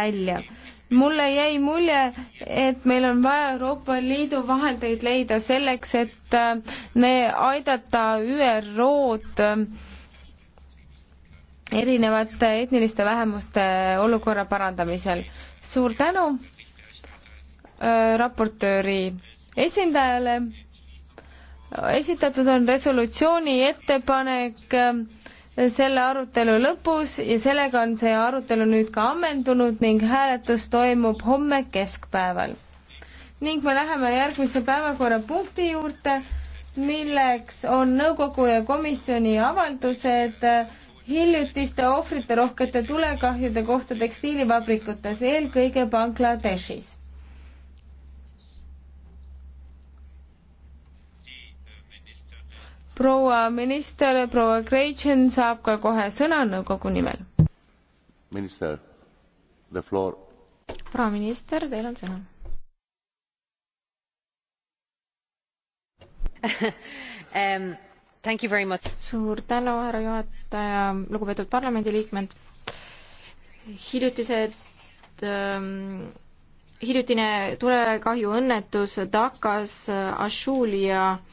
välja. mulle jäi mulje, et meil on vaja Euroopa Liidu vahendeid leida selleks, et äh, aidata ÜRO-d äh, erinevate etniliste vähemuste olukorra parandamisel. suur tänu äh, raportööri esindajale esitatud on resolutsiooni ettepanek selle arutelu lõpus ja sellega on see arutelu nüüd ka ammendunud ning hääletus toimub homme keskpäeval. ning me läheme järgmise päevakorrapunkti juurde, milleks on nõukogu ja komisjoni avaldused hiljutiste ohvriterohkete tulekahjude kohta tekstiilivabrikutes, eelkõige Bangladeshis proua minister, proua Gretchen saab ka kohe sõna nõukogu nimel. minister, the floor. proua minister, teil on sõna um, thank you very much. suur tänu, härra juhataja, lugupeetud parlamendiliikmed. hiljutised um, hiljutine tulekahjuõnnetus Dakas, Ashulia uh,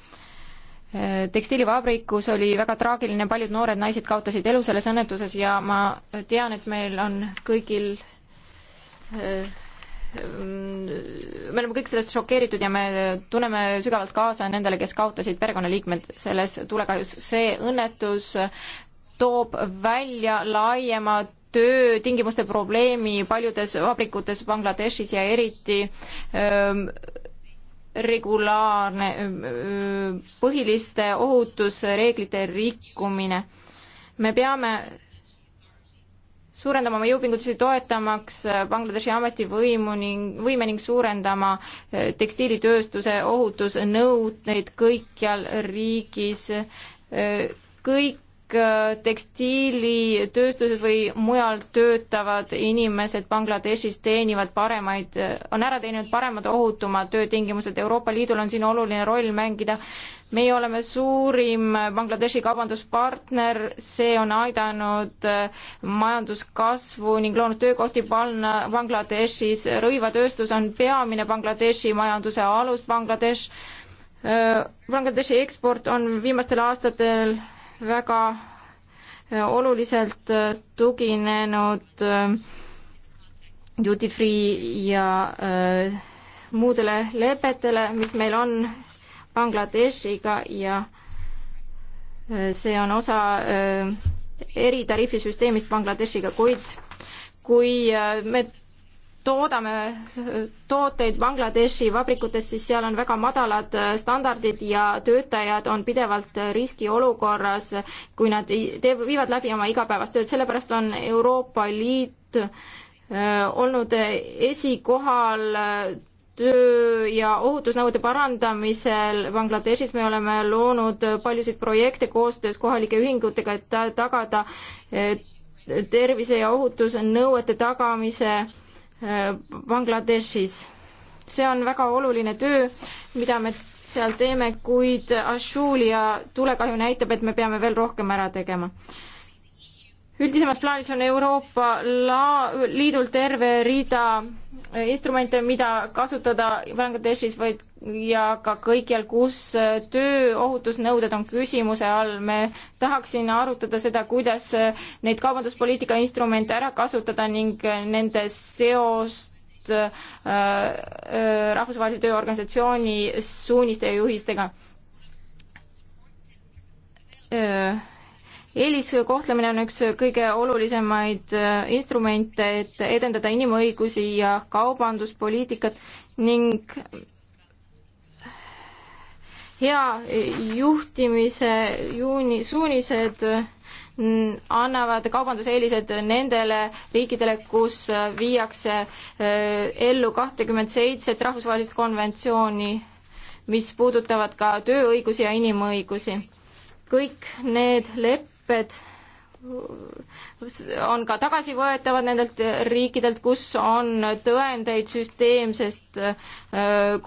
tekstiilivabrikus oli väga traagiline, paljud noored naised kaotasid elu selles õnnetuses ja ma tean, et meil on kõigil me oleme kõik sellest šokeeritud ja me tunneme sügavalt kaasa nendele, kes kaotasid perekonnaliikmed selles tulekahjus. see õnnetus toob välja laiema töötingimuste probleemi paljudes vabrikutes Bangladeshis ja eriti öö, ähm, regulaarne põhiliste ohutusreeglite rikkumine. me peame suurendama oma jõupingutusi toetamaks Bangladeshi ametivõimu ning, võime ning suurendama eh, tekstiilitööstuse ohutusnõudeid kõikjal riigis. Eh, kõik kõik äh, tekstiilitööstuses või mujal töötavad inimesed Bangladeshis teenivad paremaid, äh, on ära teeninud paremad, ohutumad töötingimused. Euroopa Liidul on siin oluline roll mängida. meie oleme suurim Bangladeshi kaubanduspartner, see on aidanud äh, majanduskasvu ning loonud töökohti panna Bangladeshis. rõivatööstus on peamine Bangladeshi majanduse alus, Bangladesh Bangladeshi eksport on viimastel aastatel väga äh, oluliselt äh, tuginenud äh, duty free ja muudele lepetele, mis meil on Bangladeshiga ja see on osa eritariifisüsteemist Bangladeshiga, kuid kui me toodame tooteid Bangladeshi vabrikutes, siis seal on väga madalad standardid ja töötajad on pidevalt riskiolukorras, kui nad teevad, viivad läbi oma igapäevast tööd, sellepärast on Euroopa Liit olnud esikohal töö ja ohutusnõude parandamisel Bangladeshis me oleme loonud paljusid projekte koostöös kohalike ühingutega, et tagada tervise ja ohutusnõuete tagamise Äh, Bangladeshis. see on väga oluline töö, mida me seal teeme, kuid Ashulia tulekahju näitab, et me peame veel rohkem ära tegema. üldisemas plaanis on Euroopa la-, Liidul terve rida instrumente, mida kasutada Bangladeshis, vaid ja ka kõikjal, kus äh, tööohutusnõuded on küsimuse all, me tahaksin arutada seda, kuidas äh, neid kaubanduspoliitika instrumente ära kasutada ning äh, nende seost rahvusvahelise tööorganisatsiooni suuniste ja juhistega. eeliskohtlemine on üks kõige olulisemaid instrumente, et edendada inimõigusi ja kaubanduspoliitikat ning hea juhtimise juuni, suunised annavad kaubanduseelised nendele riikidele, kus viiakse äh, ellu kahtekümmet seitset rahvusvahelist konventsiooni, mis puudutavad ka tööõigusi ja inimõigusi. kõik need lepped on ka tagasivõetavad nendelt riikidelt, kus on tõendeid süsteemsest äh,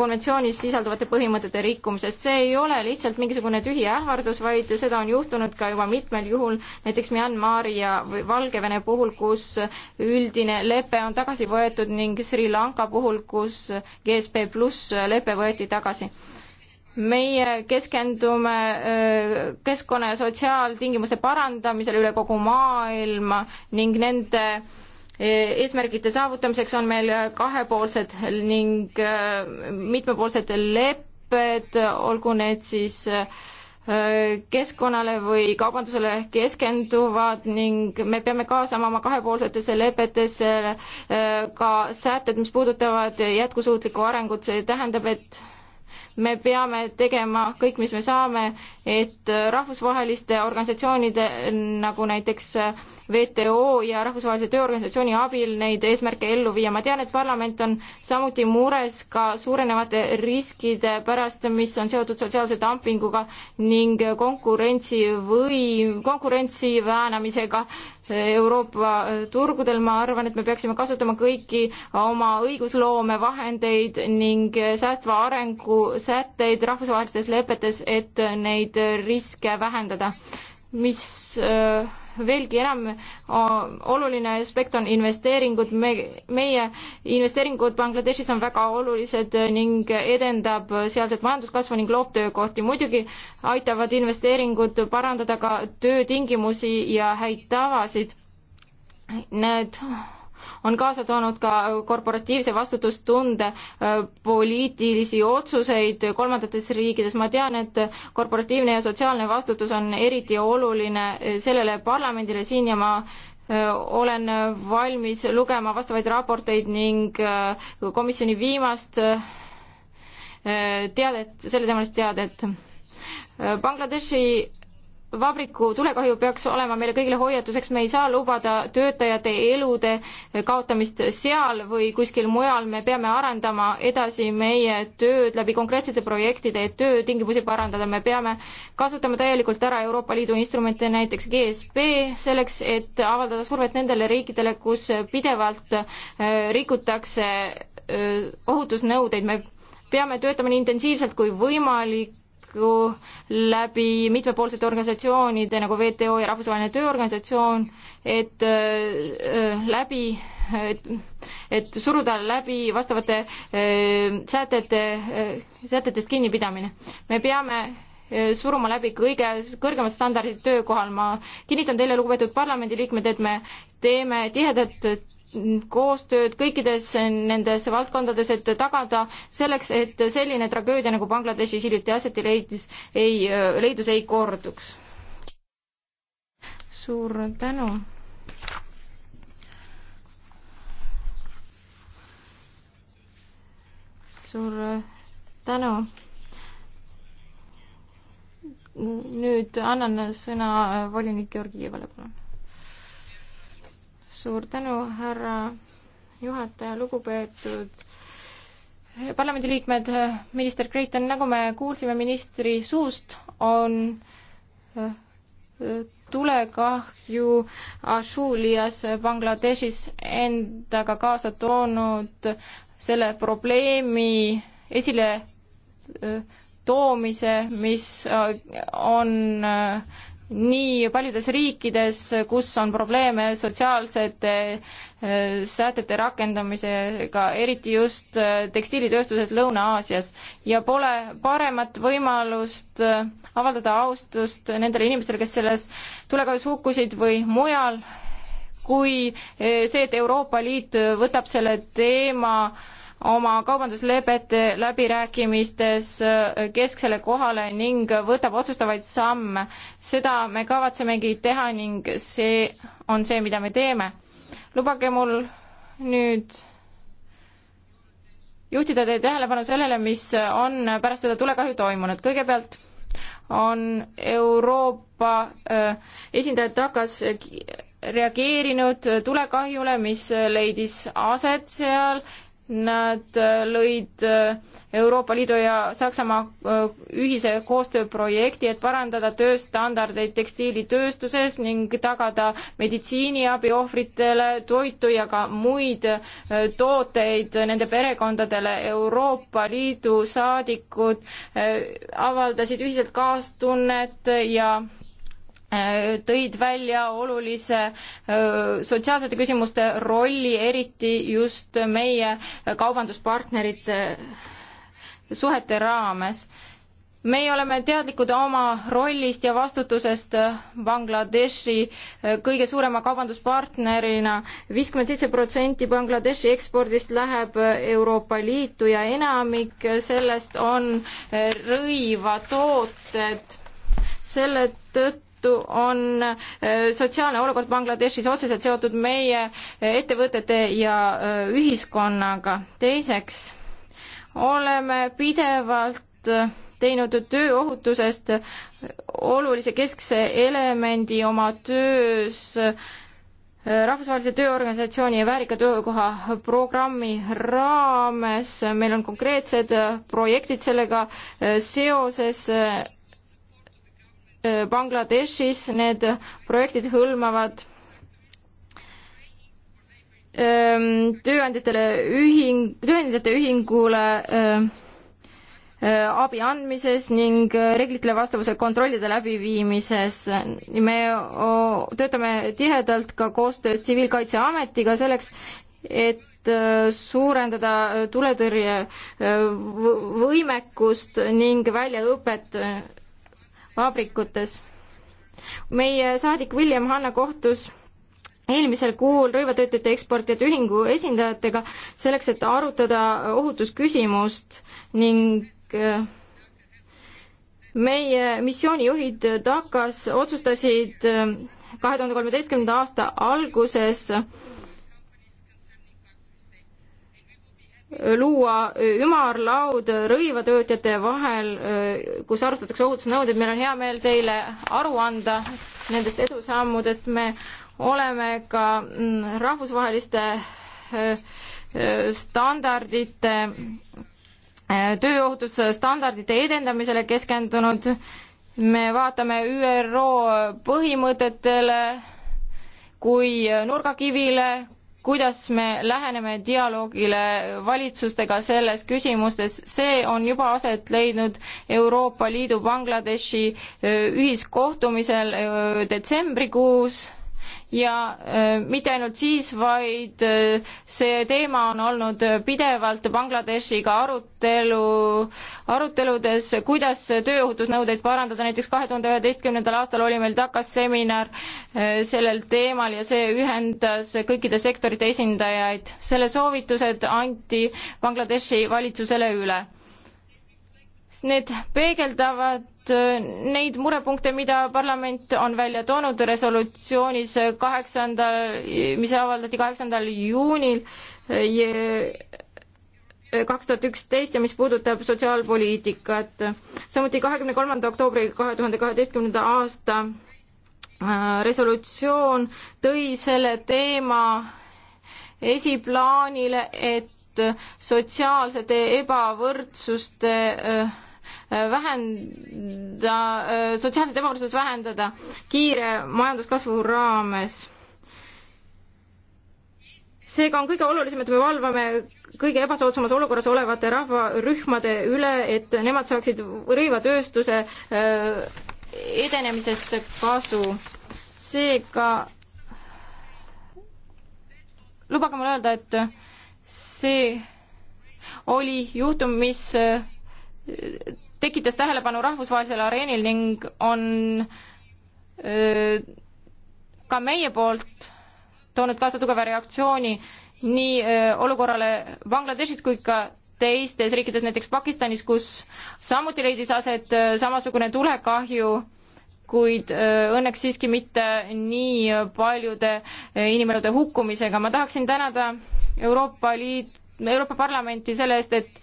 konventsioonis sisalduvate põhimõtete rikkumisest. see ei ole lihtsalt mingisugune tühi ähvardus, vaid seda on juhtunud ka juba mitmel juhul, näiteks Myanmari ja Valgevene puhul, kus üldine lepe on tagasi võetud ning Sri Lanka puhul, kus GSP pluss lepe võeti tagasi meie keskendume keskkonna ja sotsiaaltingimuste parandamisele üle kogu maailma ning nende eesmärgide saavutamiseks on meil kahepoolsed ning mitmepoolsed lepped, olgu need siis keskkonnale või kaubandusele keskenduvad ning me peame kaasama oma kahepoolsetesse lepetesse ka sätted, mis puudutavad jätkusuutlikku arengut, see tähendab, et me peame tegema kõik, mis me saame, et rahvusvaheliste organisatsioonide nagu näiteks WTO ja Rahvusvahelise Tööorganisatsiooni abil neid eesmärke ellu viia. ma tean, et parlament on samuti mures ka suurenevate riskide pärast, mis on seotud sotsiaalse dumpinguga ning konkurentsi või konkurentsi väänamisega Euroopa turgudel, ma arvan, et me peaksime kasutama kõiki oma õigusloome vahendeid ning säästva arengu sätteid rahvusvahelistes lepetes, et neid riske vähendada. mis äh, veelgi enam oluline aspekt on investeeringud, me, meie investeeringud Bangladeshis on väga olulised ning edendab sealset majanduskasvu ning loob töökohti. muidugi aitavad investeeringud parandada ka töötingimusi ja häid tavasid. Need on kaasa toonud ka korporatiivse vastutustunde äh, poliitilisi otsuseid kolmandates riikides. ma tean, et korporatiivne ja sotsiaalne vastutus on eriti oluline äh, sellele parlamendile siin ja ma äh, olen valmis lugema vastavaid raporteid ning komisjoni viimast teadet, selleteemalist teadet. Bangladeshi vabriku tulekahju peaks olema meile kõigile hoiatuseks, me ei saa lubada töötajate elude kaotamist seal või kuskil mujal, me peame arendama edasi meie tööd läbi konkreetsete projektide, et töötingimusi parandada, me peame kasutama täielikult ära Euroopa Liidu instrumente, näiteks GSP, selleks, et avaldada survet nendele riikidele, kus pidevalt äh, rikutakse äh, ohutusnõudeid, me peame töötama nii intensiivselt kui võimalik, tulevikku läbi mitmepoolsete organisatsioonide nagu WTO ja Rahvusvaheline Tööorganisatsioon, et äh, läbi, et, et suruda läbi vastavate äh, sätete, äh, sätetest kinnipidamine. me peame suruma läbi kõige kõrgemad standardid töökohal. ma kinnitan teile, lugupeetud parlamendiliikmed, et me teeme tihedat koostööd kõikides nendes valdkondades, et tagada selleks, et selline tragöödia, nagu Bangladeshis hiljuti aseti leidis, ei, leidus, ei korduks. suur tänu. suur tänu. nüüd annan sõna volinik Georgievale, palun suur tänu, härra juhataja, lugupeetud parlamendiliikmed, minister Kreiton, nagu me kuulsime ministri suust, on äh, tulekahju Ashulias Bangladeshis endaga kaasa toonud selle probleemi esile äh, toomise, mis äh, on nii paljudes riikides, kus on probleeme sotsiaalsete äh, sätete rakendamisega, eriti just äh, tekstiilitööstuses Lõuna-Aasias ja pole paremat võimalust äh, avaldada austust nendele inimestele, kes selles tulekahjus hukkusid või mujal, kui see, et Euroopa Liit võtab selle teema oma kaubanduslepete läbirääkimistes äh, kesksele kohale ning võtab otsustavaid samme. seda me kavatsemegi teha ning see on see, mida me teeme. lubage mul nüüd juhtida teie tähelepanu sellele, mis on pärast seda tulekahju toimunud. kõigepealt on Euroopa äh, esindajad takas reageerinud tulekahjule, mis leidis aset seal Nad äh, lõid äh, Euroopa Liidu ja Saksamaa äh, ühise koostööprojekti, et parandada tööstandardeid tekstiilitööstuses ning tagada meditsiiniabi ohvritele, toitu ja ka muid tooteid nende perekondadele. Euroopa Liidu saadikud avaldasid ühiselt kaastunnet ja Äh, tõid välja olulise äh, sotsiaalsete küsimuste rolli, eriti just meie kaubanduspartnerite äh, suhete raames. meie oleme teadlikud oma rollist ja vastutusest Bangladeshi kõige suurema kaubanduspartnerina. viiskümmend seitse protsenti Bangladeshi ekspordist läheb Euroopa Liitu ja enamik sellest on rõivatooted. selle tõttu tõttu on äh, sotsiaalne olukord Bangladeshis otseselt seotud meie äh, ettevõtete ja äh, ühiskonnaga. teiseks oleme pidevalt teinud tööohutusest olulise keskse elemendi oma töös rahvusvahelise tööorganisatsiooni ja väärika töökoha programmi raames. meil on konkreetsed projektid sellega seoses Bangladeshis, need projektid hõlmavad ähm, tööandjatele ühing, tööandjate ühingule ähm, äh, abi andmises ning äh, reeglitele vastavuse kontrollide läbiviimises. me töötame tihedalt ka koostöös Tsiviilkaitseametiga selleks, et äh, suurendada tuletõrje võimekust ning väljaõpet vabrikutes. meie saadik William Hanna kohtus eelmisel kuul rõivatöötajate eksportijate ühingu esindajatega selleks, et arutada ohutusküsimust ning äh, meie missioonijuhid Dakas otsustasid äh, kahe tuhande kolmeteistkümnenda aasta alguses luua ümarlaud rõivatöötajate vahel, kus arutatakse ohutusnõudeid, meil on hea meel teile aru anda nendest edusammudest, me oleme ka mm, rahvusvaheliste standardite, tööohutusstandardite edendamisele keskendunud, me vaatame ÜRO põhimõtetele kui nurgakivile, kuidas me läheneme dialoogile valitsustega selles küsimustes, see on juba aset leidnud Euroopa Liidu Bangladeshi äh, ühiskohtumisel äh, detsembrikuus ja äh, mitte ainult siis, vaid äh, see teema on olnud pidevalt Bangladeshiga arutelu, aruteludes, kuidas tööohutusnõudeid parandada, näiteks kahe tuhande üheteistkümnendal aastal oli meil TAKAS seminar äh, sellel teemal ja see ühendas kõikide sektorite esindajaid. selle soovitused anti Bangladeshi valitsusele üle. Need peegeldavad just äh, neid murepunkte, mida parlament on välja toonud resolutsioonis kaheksandal, mis avaldati kaheksandal juunil äh, kaks tuhat üksteist ja mis puudutab sotsiaalpoliitikat. samuti kahekümne kolmanda oktoobri kahe tuhande kaheteistkümnenda aasta äh, resolutsioon tõi selle teema esiplaanile, et sotsiaalsete ebavõrdsuste äh, vähenda, sotsiaalset ebavõrdsust vähendada kiire majanduskasvu raames. seega on kõige olulisem, et me valvame kõige ebasoodsamas olukorras olevate rahvarühmade üle, et nemad saaksid rõivatööstuse äh, edenemisest kasu. seega lubage mul öelda, et see oli juhtum, mis äh, tekitas tähelepanu rahvusvahelisel areenil ning on öö, ka meie poolt toonud kaasa tugeva reaktsiooni nii öö, olukorrale Bangladeshis kui ka teistes riikides, näiteks Pakistanis, kus samuti leidis aset öö, samasugune tulekahju, kuid õnneks siiski mitte nii paljude inimelude hukkumisega. ma tahaksin tänada Euroopa Liit, Euroopa Parlamenti selle eest, et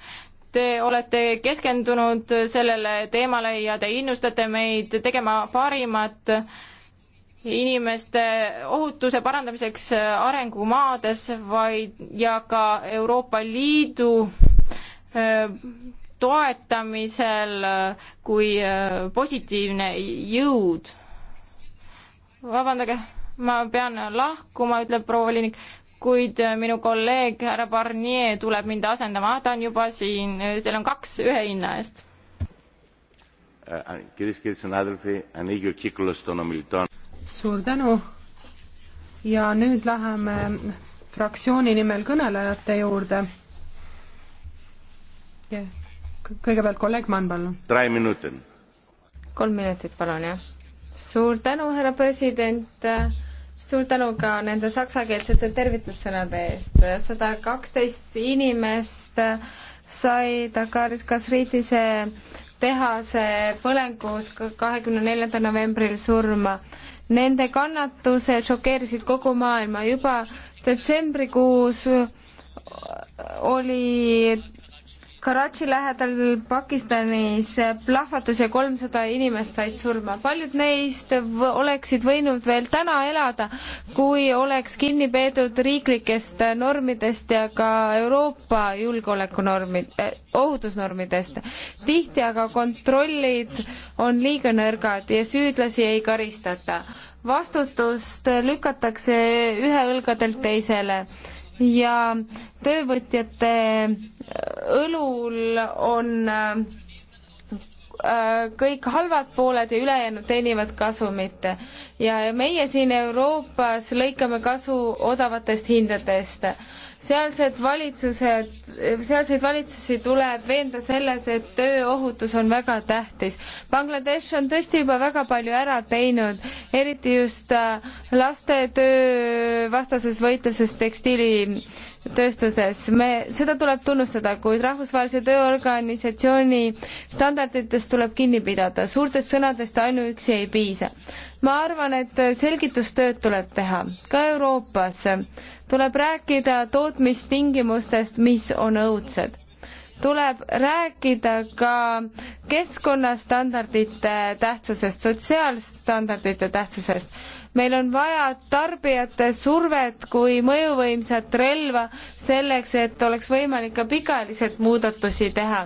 Te olete keskendunud sellele teemale ja te innustate meid tegema parimat inimeste ohutuse parandamiseks arengumaades, vaid ja ka Euroopa Liidu toetamisel kui positiivne jõud. vabandage, ma pean lahkuma, ütleb proua volinik kuid äh, minu kolleeg härra Barnier tuleb mind asendama, ah, ta on juba siin, teil äh, on kaks ühe hinna eest. Äh, suur tänu ja nüüd läheme fraktsiooni nimel kõnelejate juurde. kõigepealt kolleeg Mann, palun. kolm minutit, palun, jah. suur tänu, härra president suur tänu ka nende saksakeelsete tervitussõnade eest. sada kaksteist inimest sai Dakaris Kasriidise tehase põlengus kahekümne neljandal novembril surma. Nende kannatused šokeerisid kogu maailma. juba detsembrikuus oli Karachi lähedal Pakistanis plahvatus ja kolmsada inimest said surma. paljud neist oleksid võinud veel täna elada, kui oleks kinni peetud riiklikest normidest ja ka Euroopa julgeolekunormid eh,, ohutusnormidest. tihti aga kontrollid on liiga nõrgad ja süüdlasi ei karistata vastutust lükatakse ühe õlgadelt teisele ja töövõtjate õlul on äh, kõik halvad pooled ja ülejäänud teenivad kasumit. ja meie siin Euroopas lõikame kasu odavatest hindadest sealsed valitsused, sealseid valitsusi tuleb veenda selles, et tööohutus on väga tähtis. Bangladesh on tõesti juba väga palju ära teinud, eriti just äh, lastetöö vastases võitluses tekstiilitööstuses. me, seda tuleb tunnustada, kuid Rahvusvahelise Tööorganisatsiooni standarditest tuleb kinni pidada, suurtest sõnadest ainuüksi ei piisa ma arvan, et selgitustööd tuleb teha ka Euroopas tuleb rääkida tootmistingimustest, mis on õudsed. tuleb rääkida ka keskkonnastandardite tähtsusest, sotsiaalstandardite tähtsusest. meil on vaja tarbijate survet kui mõjuvõimsat relva selleks, et oleks võimalik ka pikaajaliselt muudatusi teha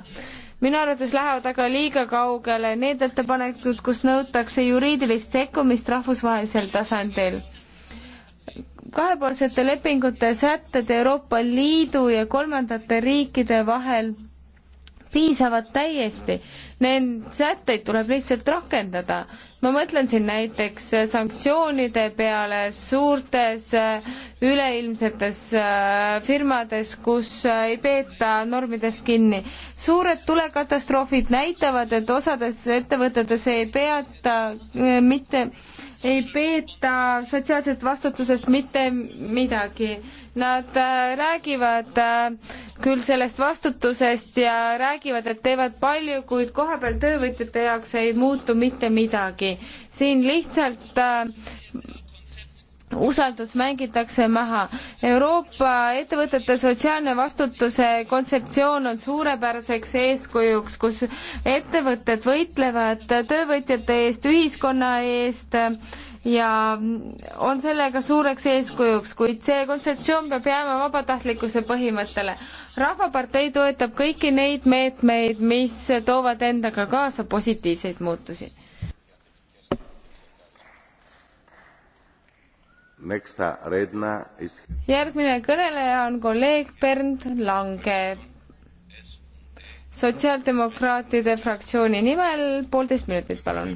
minu arvates lähevad aga liiga kaugele need ettepanekud, kus nõutakse juriidilist sekkumist rahvusvahelisel tasandil kahepoolsete lepingute sätted Euroopa Liidu ja kolmandate riikide vahel piisavad täiesti. Need sätteid tuleb lihtsalt rakendada. ma mõtlen siin näiteks sanktsioonide peale suurtes üleilmsetes äh, firmades, kus äh, ei peeta normidest kinni. suured tulekatastroofid näitavad, et osades ettevõtetes ei peata äh, mitte ei peeta sotsiaalsest vastutusest mitte midagi. Nad äh, räägivad äh, küll sellest vastutusest ja räägivad, et teevad palju, kuid kohapeal töövõtjate jaoks ei muutu mitte midagi. siin lihtsalt äh, usaldus mängitakse maha. Euroopa ettevõtete sotsiaalne vastutuse kontseptsioon on suurepäraseks eeskujuks, kus ettevõtted võitlevad töövõtjate eest, ühiskonna eest ja on sellega suureks eeskujuks, kuid see kontseptsioon peab jääma vabatahtlikkuse põhimõttele. rahvapartei toetab kõiki neid meetmeid, mis toovad endaga kaasa positiivseid muutusi Is... järgmine kõneleja on kolleeg Bernd Lange sotsiaaldemokraatide fraktsiooni nimel, poolteist minutit, palun.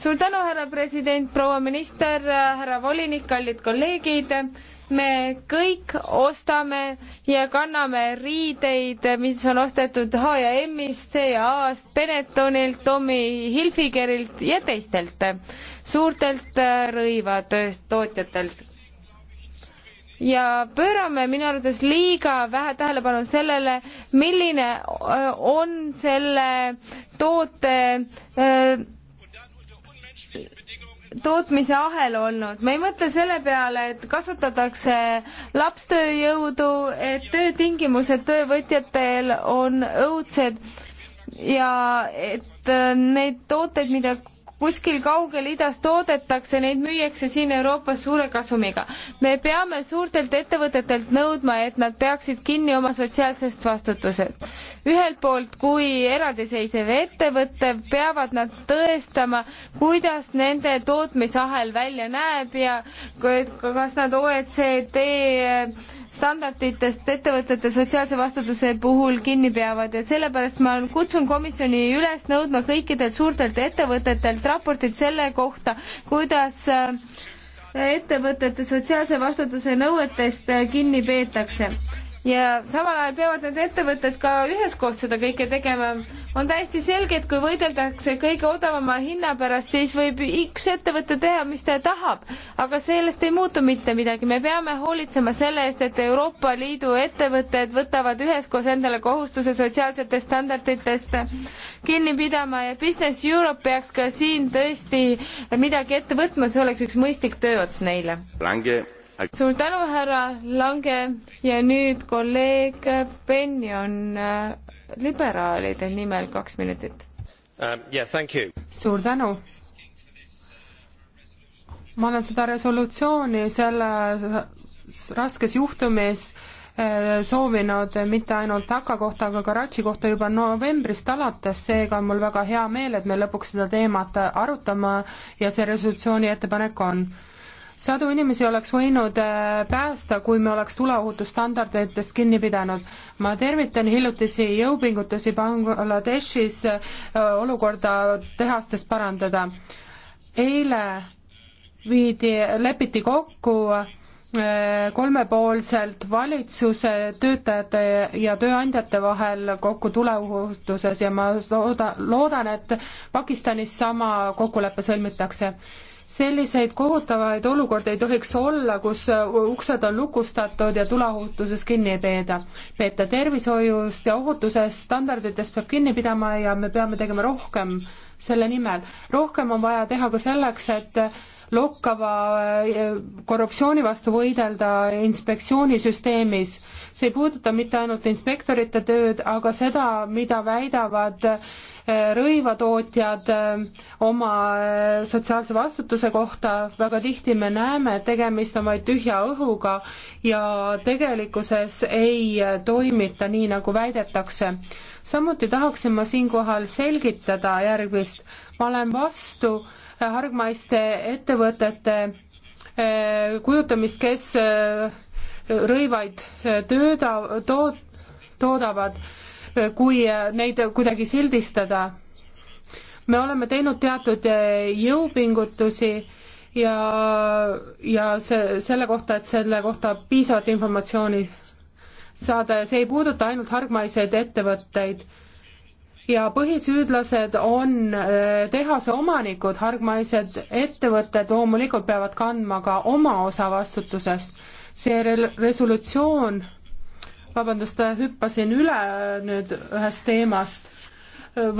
suur tänu, härra president, proua minister, härra volinik, kallid kolleegid me kõik ostame ja kanname riideid, mis on ostetud H&M-ist, C&A-st, Benetonilt, Tommy Hilfigerilt ja teistelt suurtelt äh, rõivatootjatelt. ja pöörame minu arvates liiga vähe tähelepanu sellele, milline äh, on selle toote äh, tootmise ahel olnud, me ei mõtle selle peale, et kasutatakse lapstööjõudu, et töötingimused töövõtjatel on õudsed ja et äh, neid tooteid, mida kuskil kaugel idas toodetakse, neid müüakse siin Euroopas suure kasumiga. me peame suurtelt ettevõtetelt nõudma, et nad peaksid kinni oma sotsiaalsest vastutusest ühelt poolt kui eraldiseisev ettevõte peavad nad tõestama, kuidas nende tootmisahel välja näeb ja kas nad OECD standarditest ettevõtete sotsiaalse vastutuse puhul kinni peavad ja sellepärast ma kutsun komisjoni üles nõudma kõikidelt suurtelt ettevõtetelt raportit selle kohta, kuidas äh, ettevõtete sotsiaalse vastutuse nõuetest kinni peetakse ja samal ajal peavad need ettevõtted ka üheskoos seda kõike tegema. on täiesti selge, et kui võideldakse kõige odavama hinna pärast, siis võib üks ettevõte teha, mis ta tahab, aga sellest ei muutu mitte midagi. me peame hoolitsema selle eest, et Euroopa Liidu ettevõtted võtavad üheskoos endale kohustuse sotsiaalsetest standarditest kinni pidama ja Business Europe peaks ka siin tõesti midagi ette võtma, see oleks üks mõistlik tööots neile. Lange suur tänu, härra Lange ja nüüd kolleeg Benjon äh, liberaalide nimel kaks minutit um,. Yeah, suur tänu. ma olen seda resolutsiooni selles raskes juhtumis äh, soovinud mitte ainult Haka kohta, aga ka Ratsi kohta juba novembrist alates, seega on mul väga hea meel, et me lõpuks seda teemat arutame ja see resolutsiooni ettepanek on sadu inimesi oleks võinud äh, päästa, kui me oleks tuleohutusstandarditest kinni pidanud. ma tervitan hiljutisi jõupingutusi Bangladeshis äh, olukorda tehastes parandada. eile viidi, lepiti kokku äh, kolmepoolselt valitsuse, töötajate ja tööandjate vahel kokku tuleohutuses ja ma looda, loodan, et Pakistanis sama kokkulepe sõlmitakse selliseid kohutavaid olukordi ei tohiks olla, kus äh, uksed on lukustatud ja tuleohutuses kinni ei peeda. peeta tervishoiust ja ohutusest, standarditest peab kinni pidama ja me peame tegema rohkem selle nimel. rohkem on vaja teha ka selleks, et lokkava äh, korruptsiooni vastu võidelda inspektsioonisüsteemis. see ei puuduta mitte ainult inspektorite tööd, aga seda, mida väidavad rõivatootjad äh, oma äh, sotsiaalse vastutuse kohta, väga tihti me näeme, et tegemist on vaid tühja õhuga ja tegelikkuses ei äh, toimita nii, nagu väidetakse. samuti tahaksin ma siinkohal selgitada järgmist, ma olen vastu hargmaiste ettevõtete kujutamist, kes rõivaid tööda, tood-, toodavad kui neid kuidagi sildistada. me oleme teinud teatud jõupingutusi ja, ja see, selle kohta, et selle kohta piisavat informatsiooni saada ja see ei puuduta ainult hargmaiseid ettevõtteid ja põhisüüdlased on eh, tehase omanikud, hargmaised ettevõtted loomulikult peavad kandma ka oma osa vastutusest. see resolutsioon vabandust, hüppasin üle nüüd ühest teemast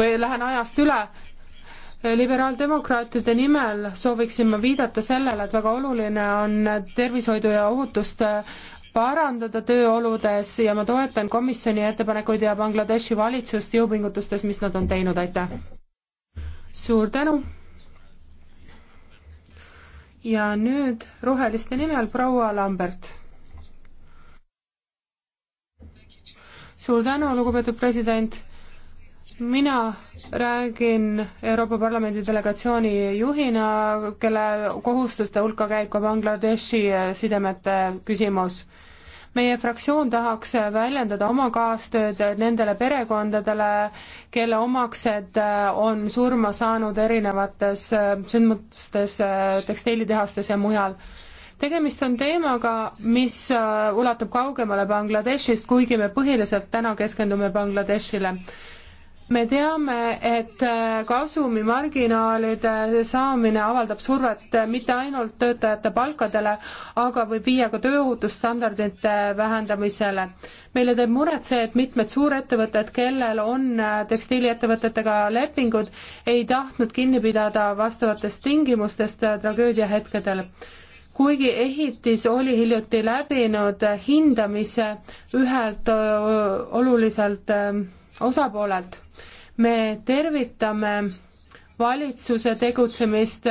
või lähen ajast üle. liberaaldemokraatide nimel sooviksin ma viidata sellele, et väga oluline on tervishoidu ja ohutust parandada tööoludes ja ma toetan komisjoni ettepanekuid ja Bangladeshi valitsust jõupingutustes, mis nad on teinud, aitäh! suur tänu! ja nüüd roheliste nimel proua Lambert suur tänu, lugupeetud president. mina räägin Euroopa Parlamendi delegatsiooni juhina, kelle kohustuste hulka käib ka Bangladeshi äh, sidemete küsimus meie fraktsioon tahaks väljendada oma kaastööd nendele perekondadele, kelle omaksed äh, on surma saanud erinevates äh, sündmustes tekstiilitehastes ja mujal tegemist on teemaga, mis äh, ulatub kaugemale Bangladeshist, kuigi me põhiliselt täna keskendume Bangladeshile. me teame, et äh, kasumimarginaalide saamine avaldab survet äh, mitte ainult töötajate palkadele, aga võib viia ka tööohutusstandardite vähendamisele. meile teeb muret see, et mitmed suurettevõtted, kellel on tekstiiliettevõtetega lepingud, ei tahtnud kinni pidada vastavatest tingimustest tragöödia hetkedel kuigi ehitis oli hiljuti läbinud hindamise ühelt oluliselt osapoolelt. me tervitame valitsuse tegutsemist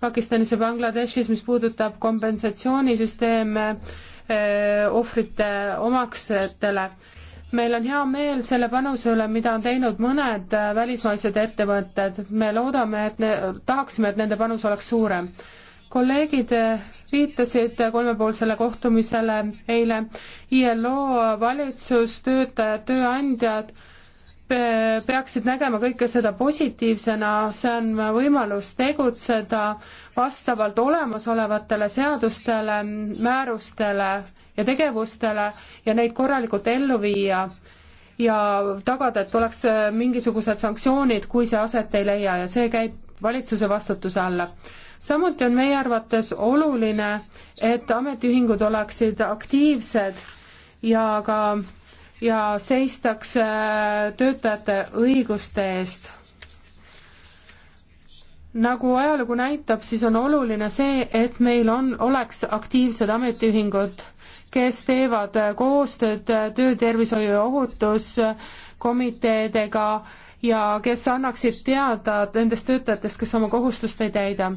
Pakistanis ja Bangladeshis, mis puudutab kompensatsioonisüsteeme ohvrite omaksetele. meil on hea meel selle panuse üle, mida on teinud mõned välismaised ettevõtted. me loodame, et ne, tahaksime, et nende panus oleks suurem kolleegid viitasid kolmepoolsele kohtumisele eile. ILO valitsus, töötajad, tööandjad peaksid nägema kõike seda positiivsena, see on võimalus tegutseda vastavalt olemasolevatele seadustele, määrustele ja tegevustele ja neid korralikult ellu viia ja tagada, et oleks mingisugused sanktsioonid, kui see aset ei leia ja see käib valitsuse vastutuse alla samuti on meie arvates oluline, et ametiühingud oleksid aktiivsed ja ka, ja seistaks töötajate õiguste eest nagu ajalugu näitab, siis on oluline see, et meil on, oleks aktiivsed ametiühingud, kes teevad koostööd töötervishoiu ja ohutuskomiteedega ja kes annaksid teada nendest töötajatest, kes oma kohustust ei täida.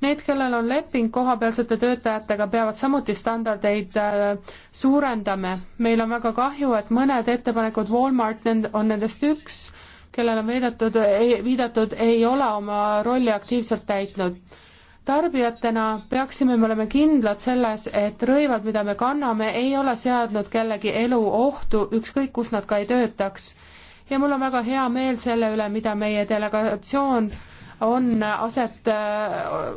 Need, kellel on leping kohapealsete töötajatega, peavad samuti standardeid äh, suurendama. meil on väga kahju, et mõned ettepanekud, Walmart on nendest üks, kellele on viidatud, viidatud, ei ole oma rolli aktiivselt täitnud tarbijatena peaksime me olema kindlad selles, et rõivad, mida me kanname, ei ole seadnud kellegi elu ohtu, ükskõik kus nad ka ei töötaks. ja mul on väga hea meel selle üle, mida meie delegatsioon on aset,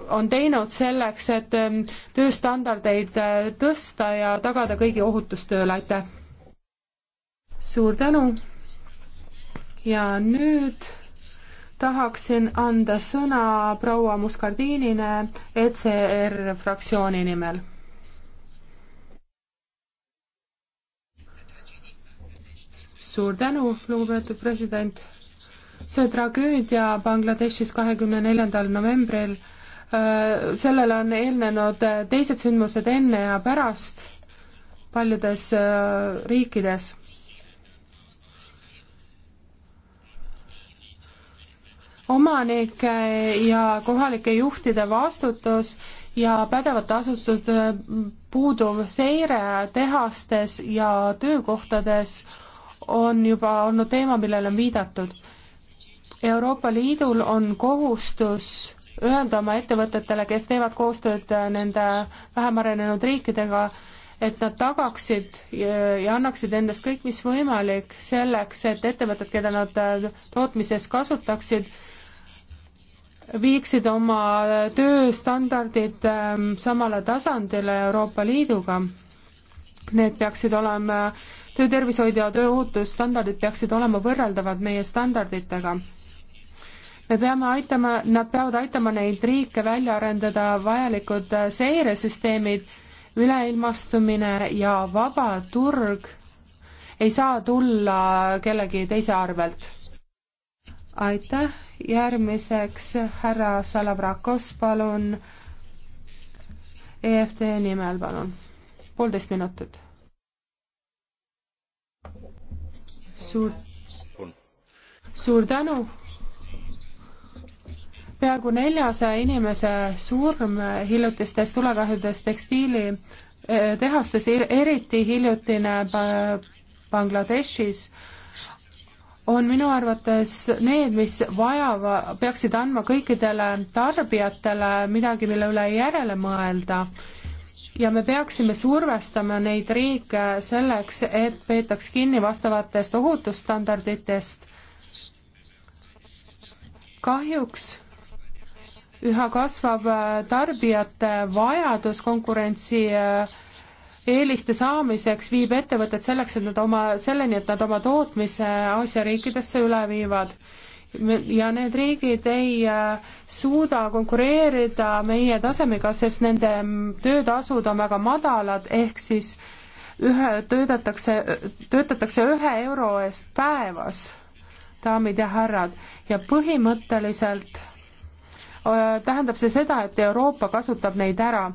on teinud selleks, et ähm, tööstandardeid äh, tõsta ja tagada kõigi ohutus tööle, aitäh! suur tänu ja nüüd tahaksin anda sõna proua Muscardinile ECR fraktsiooni nimel. suur tänu, lugupeetud president see tragöödia Bangladeshis kahekümne neljandal novembril, äh, sellele on eelnenud äh, teised sündmused enne ja pärast paljudes äh, riikides. omanike ja kohalike juhtide vastutus ja pädevate asutuste puuduv seire tehastes ja töökohtades on juba olnud teema, millele on viidatud Euroopa Liidul on kohustus öelda oma ettevõtetele, kes teevad koostööd nende vähem arenenud riikidega, et nad tagaksid ja annaksid endast kõik, mis võimalik selleks, et ettevõtted, keda nad äh, tootmises kasutaksid, viiksid oma tööstandardid ähm, samale tasandile Euroopa Liiduga. Need peaksid olema, töötervishoid ja tööohutusstandardid peaksid olema võrreldavad meie standarditega me peame aitama, nad peavad aitama neid riike välja arendada vajalikud äh, seiresüsteemid, üleilmastumine ja vaba turg ei saa tulla kellegi teise arvelt. aitäh, järgmiseks härra Salavrakos, palun, EFT nimel, palun, poolteist minutit. suur, suur tänu peaaegu neljasaja inimese surm hiljutistest tulekahjudest tekstiilitehastes, eh, er-, eriti hiljutine Bangladeshis, on minu arvates need, mis vajava, peaksid andma kõikidele tarbijatele midagi, mille üle järele mõelda. ja me peaksime survestama neid riike selleks, et peetaks kinni vastavatest ohutusstandarditest. kahjuks üha kasvab äh, tarbijate vajadus konkurentsi äh, eeliste saamiseks, viib ettevõtted selleks, et nad oma, selleni, et nad oma tootmise Aasia riikidesse üle viivad. ja need riigid ei äh, suuda konkureerida meie tasemega, sest nende töötasud on väga madalad, ehk siis ühe, töötatakse, töötatakse ühe euro eest päevas, daamid ja härrad, ja põhimõtteliselt tähendab see seda, et Euroopa kasutab neid ära.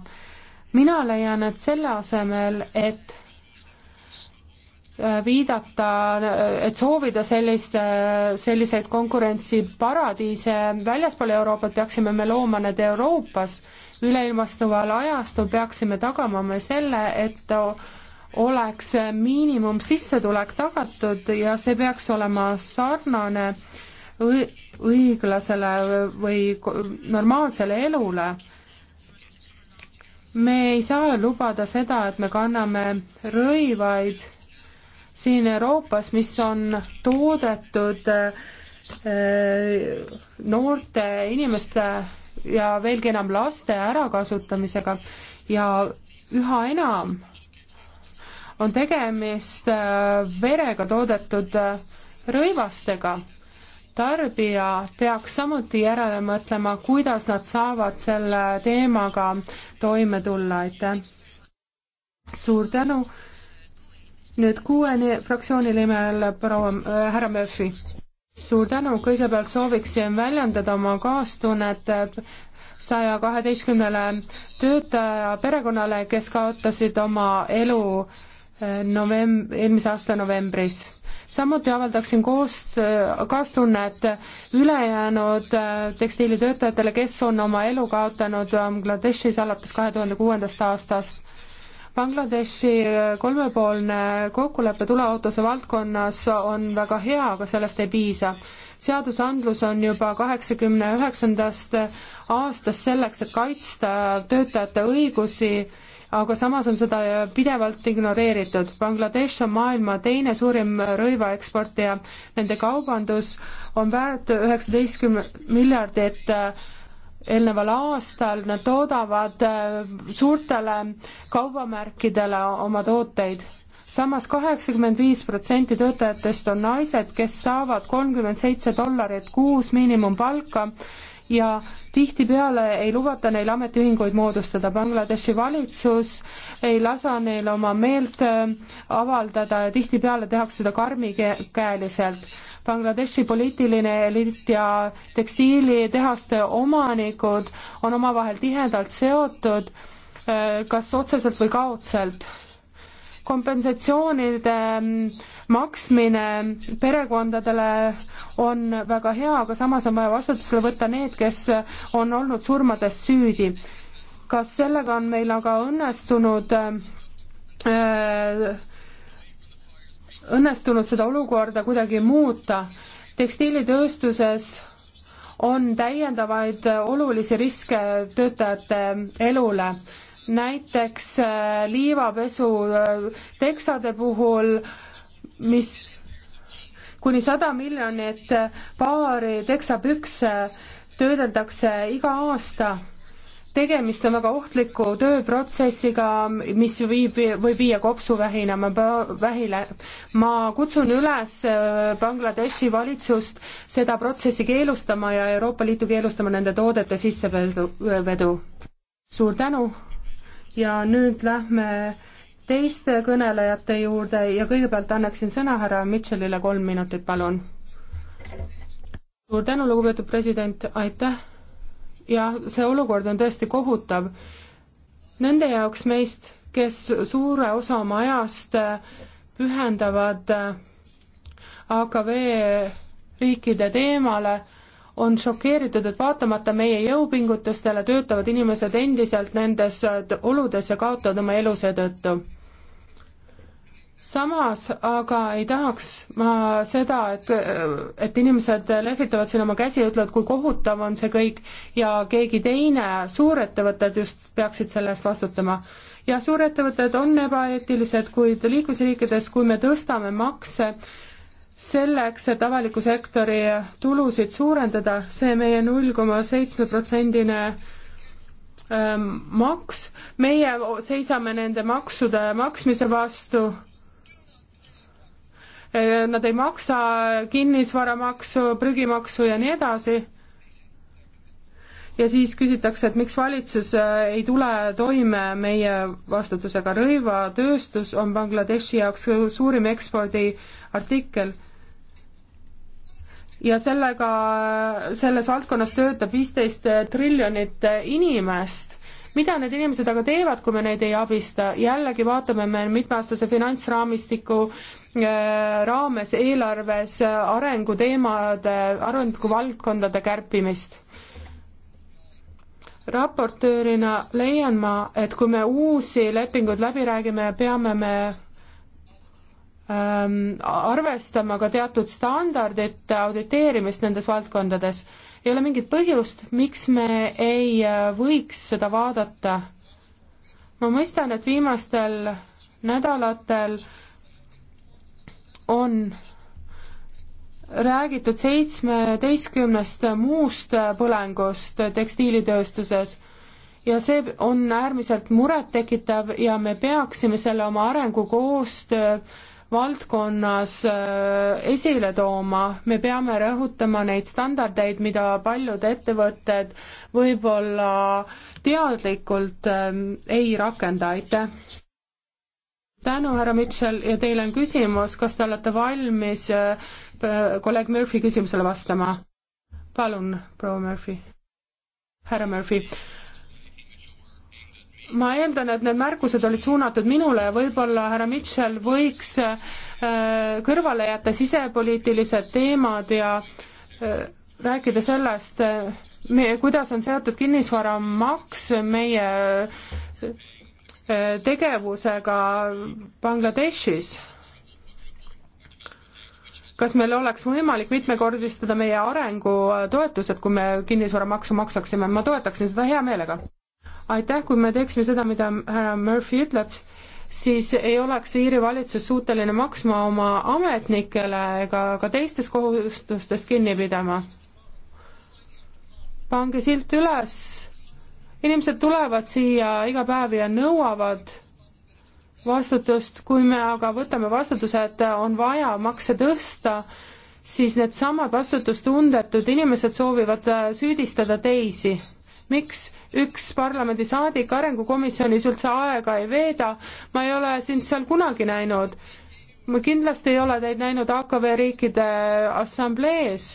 mina leian, et selle asemel, et viidata, et soovida sellist, selliseid konkurentsiparadiise väljaspool Euroopat, peaksime me looma need Euroopas. üleilmastuval ajastul peaksime tagama me selle, et oleks miinimumsissetulek tagatud ja see peaks olema sarnane äh, õiglasele või normaalsele elule. me ei saa lubada seda, et me kanname rõivaid siin Euroopas, mis on toodetud äh, noorte inimeste ja veelgi enam laste ärakasutamisega ja üha enam on tegemist äh, verega toodetud äh, rõivastega tarbija peaks samuti järele mõtlema, kuidas nad saavad selle teemaga toime tulla, aitäh. suur tänu. nüüd kuue fraktsiooni nimel proua äh, härra Murphy. suur tänu, kõigepealt sooviksin väljendada oma kaastunnet saja kaheteistkümnele töötaja perekonnale, kes kaotasid oma elu äh, novemb-, eelmise aasta novembris samuti avaldaksin koos, kaastunnet ülejäänud äh, tekstiilitöötajatele, kes on oma elu kaotanud äh, Bangladeshis alates kahe tuhande kuuendast aastast. Bangladeshi äh, kolmepoolne kokkulepe tuleohutuse valdkonnas on väga hea, aga sellest ei piisa. seadusandlus on juba kaheksakümne üheksandast aastast selleks, et kaitsta töötajate õigusi aga samas on seda pidevalt ignoreeritud. Bangladesh on maailma teine suurim rõivaeksportija, nende kaubandus on väärt üheksateistkümne miljardit eelneval aastal, nad toodavad äh, suurtele kaubamärkidele oma tooteid samas kaheksakümmend viis protsenti töötajatest on naised, kes saavad kolmkümmend seitse dollarit kuus miinimumpalka ja tihtipeale ei lubata neil ametiühinguid moodustada. Bangladeshi valitsus ei lasa neil oma meelt äh, avaldada ja tihtipeale tehakse seda karmikäeliselt. Bangladeshi poliitiline eliit ja tekstiilitehaste omanikud on omavahel tihedalt seotud, äh, kas otseselt või kaudselt kompensatsioonide mm, maksmine perekondadele on väga hea, aga samas on vaja vastutusele võtta need, kes on olnud surmades süüdi. kas sellega on meil aga õnnestunud äh, õnnestunud seda olukorda kuidagi muuta? tekstiilitööstuses on täiendavaid olulisi riske töötajate elule näiteks äh, liivapesu äh, teksade puhul, mis kuni sada miljonit paari teksapükse töödeldakse iga aasta. tegemist on väga ohtliku tööprotsessiga, mis viib, võib viia kopsuvähina, vähile. ma kutsun üles äh, Bangladeshi valitsust seda protsessi keelustama ja Euroopa Liitu keelustama nende toodete sissevedu. Äh, suur tänu ja nüüd lähme teiste kõnelejate juurde ja kõigepealt annaksin sõna härra Mitchellile kolm minutit, palun. suur tänu, lugupeetud president, aitäh. ja see olukord on tõesti kohutav. Nende jaoks meist, kes suure osa oma ajast pühendavad AKV riikide teemale, on šokeeritud, et vaatamata meie jõupingutustele töötavad inimesed endiselt nendes oludes ja kaotavad oma elu seetõttu samas aga ei tahaks ma seda, et, et inimesed lehvitavad siin oma käsi ja ütlevad, kui kohutav on see kõik ja keegi teine, suurettevõtted just peaksid selle eest vastutama. jah, suurettevõtted on ebaeetilised, kuid liikmesriikides, kui me tõstame makse selleks, et avaliku sektori tulusid suurendada, see meie null koma seitsme protsendine ähm, maks, meie seisame nende maksude maksmise vastu nad ei maksa kinnisvaramaksu, prügimaksu ja nii edasi ja siis küsitakse, et miks valitsus äh, ei tule toime meie vastutusega. rõivatööstus on Bangladeshi jaoks suurim ekspordiartikkel. ja sellega, selles valdkonnas töötab viisteist triljonit inimest mida need inimesed aga teevad, kui me neid ei abista, jällegi vaatame me mitmeaastase finantsraamistiku äh, raames eelarves äh, arenguteemade, arenguvaldkondade kärpimist raportöörina leian ma, et kui me uusi lepinguid läbi räägime, peame me ähm, arvestama ka teatud standardite auditeerimist nendes valdkondades ei ole mingit põhjust, miks me ei äh, võiks seda vaadata. ma mõistan, et viimastel nädalatel on räägitud seitsmeteistkümnest muust äh, põlengust tekstiilitööstuses ja see on äärmiselt murettekitav ja me peaksime selle oma arengukoostöö valdkonnas äh, esile tooma, me peame rõhutama neid standardeid, mida paljud ettevõtted võib-olla teadlikult ähm, ei rakenda, aitäh! tänu, härra Mitchell, ja teil on küsimus, kas te olete valmis äh, kolleeg Murphy küsimusele vastama? palun, proua Murphy. härra Murphy ma eeldan, et need märkused olid suunatud minule ja võib-olla härra Mitchell võiks äh, kõrvale jätta sisepoliitilised teemad ja äh, rääkida sellest, äh, kuidas on seotud kinnisvaramaks meie tegevusega Bangladeshis. kas meil oleks võimalik mitmekordistada meie arengutoetused, kui me kinnisvaramaksu maksaksime, ma toetaksin seda hea meelega aitäh, kui me teeksime seda, mida härra Murphy ütleb, siis ei oleks Iiri valitsus suuteline maksma oma ametnikele ega ka teistest kohustustest kinni pidama. pange silt üles, inimesed tulevad siia iga päev ja nõuavad vastutust, kui me aga võtame vastutuse, et on vaja makse tõsta, siis needsamad vastutustundetud inimesed soovivad süüdistada teisi miks üks parlamendisaadik Arengukomisjonis üldse aega ei veeda, ma ei ole sind seal kunagi näinud. ma kindlasti ei ole teid näinud AKV riikide assamblees.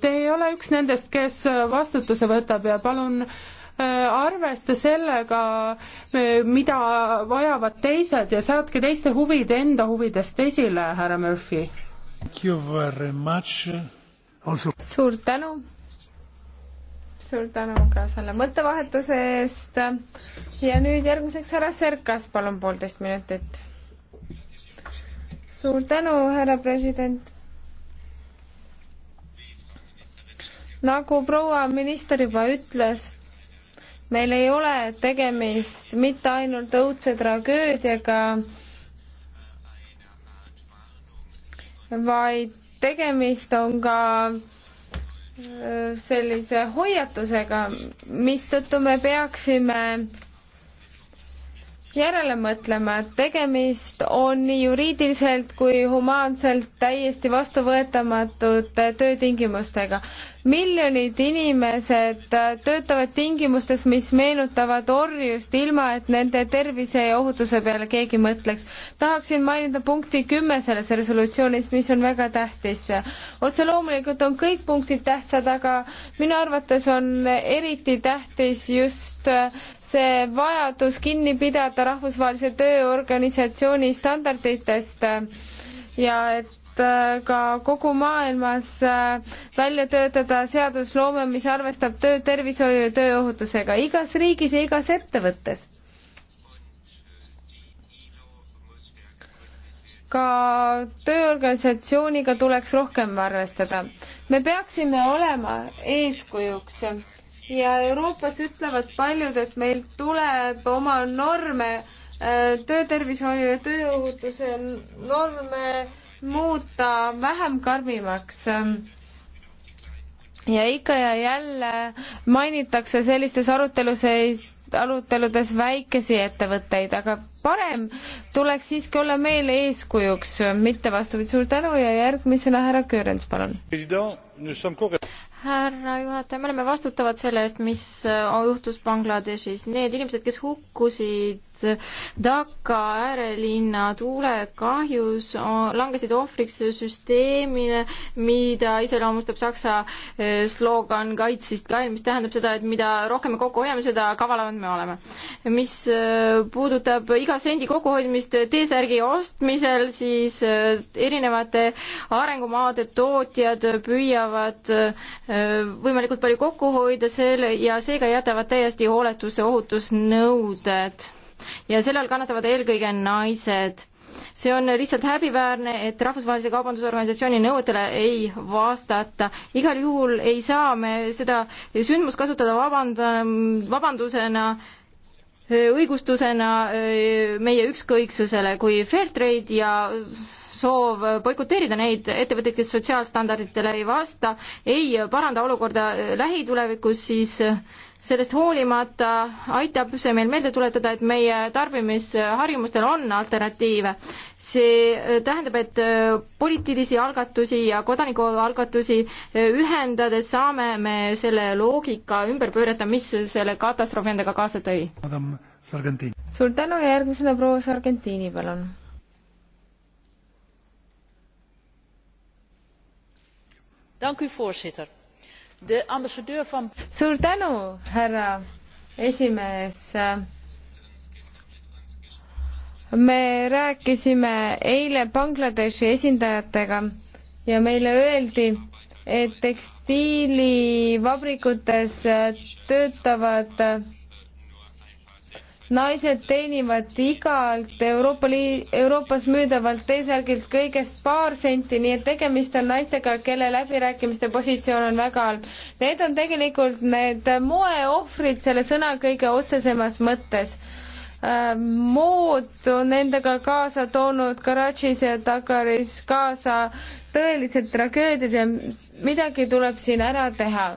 Te ei ole üks nendest, kes vastutuse võtab ja palun äh, arvesta sellega, mida vajavad teised ja saatke teiste huvid enda huvidest esile, härra Murphy. suur tänu suur tänu ka selle mõttevahetuse eest. ja nüüd järgmiseks härra Serkas, palun poolteist minutit. suur tänu, härra president. nagu proua minister juba ütles, meil ei ole tegemist mitte ainult õudse tragöödiaga, vaid tegemist on ka sellise hoiatusega, mistõttu me peaksime järele mõtlema, et tegemist on nii juriidiliselt kui humaanselt täiesti vastuvõetamatute töötingimustega. miljonid inimesed töötavad tingimustes, mis meenutavad orjust, ilma et nende tervise ja ohutuse peale keegi mõtleks. tahaksin mainida punkti kümme selles resolutsioonis, mis on väga tähtis. otse loomulikult on kõik punktid tähtsad, aga minu arvates on eriti tähtis just see vajadus kinni pidada Rahvusvahelise Tööorganisatsiooni standarditest ja et äh, ka kogu maailmas äh, välja töötada seadusloome, mis arvestab töötervishoiu ja tööohutusega igas riigis ja igas ettevõttes. ka tööorganisatsiooniga tuleks rohkem arvestada. me peaksime olema eeskujuks ja Euroopas ütlevad paljud, et meil tuleb oma norme, äh, töötervishoiu ja tööohutuse norme muuta vähem karmimaks ja ikka ja jälle mainitakse sellistes aruteludes, aruteludes väikesi ettevõtteid, aga parem tuleks siiski olla meile eeskujuks, mitte vastupidi. suur tänu ja järgmisena härra Köörens, palun härra juhataja, me oleme vastutavad selle eest, mis juhtus Bangladeshis. Need inimesed, kes hukkusid et Dhaka äärelinna tuulekahjus langesid ohvriks süsteemile, mida iseloomustab saksa eh, slogan kaitsist kain, mis tähendab seda, et mida rohkem me kokku hoiame, seda kavalamad me oleme. mis eh, puudutab iga sendi kokkuhoidmist T-särgi ostmisel, siis eh, erinevate arengumaade tootjad püüavad võimalikult palju kokku hoida selle ja seega jätavad täiesti hooletusse ohutusnõuded ja sellel kannatavad eelkõige naised see on lihtsalt häbiväärne, et Rahvusvahelise Kaubandusorganisatsiooni nõuetele ei vastata. igal juhul ei saa me seda sündmust kasutada vabanda-, vabandusena õigustusena meie ükskõiksusele kui fair trade ja soov boikoteerida neid ettevõtteid, kes sotsiaalstandarditele ei vasta, ei paranda olukorda lähitulevikus, siis sellest hoolimata aitab see meil meelde tuletada, et meie tarbimisharjumustel on alternatiive. see tähendab, et äh, poliitilisi algatusi ja kodanikualgatusi äh, ühendades saame me selle loogika ümber pöörata, mis selle katastroofi endaga kaasa tõi. suur tänu ja järgmisena proua Sargentini, palun. Dank u voorzitter From... suur tänu, härra esimees. me rääkisime eile Bangladeshi esindajatega ja meile öeldi, et tekstiilivabrikutes töötavad naised teenivad igalt Euroopa Liit, Euroopas müüdavalt T-särgilt kõigest paar senti, nii et tegemist on naistega, kelle läbirääkimiste positsioon on väga halb. Need on tegelikult need moeohvrid selle sõna kõige otsesemas mõttes äh, mood on endaga kaasa toonud Karachis ja Dakaris kaasa tõelised tragöödiad ja midagi tuleb siin ära teha.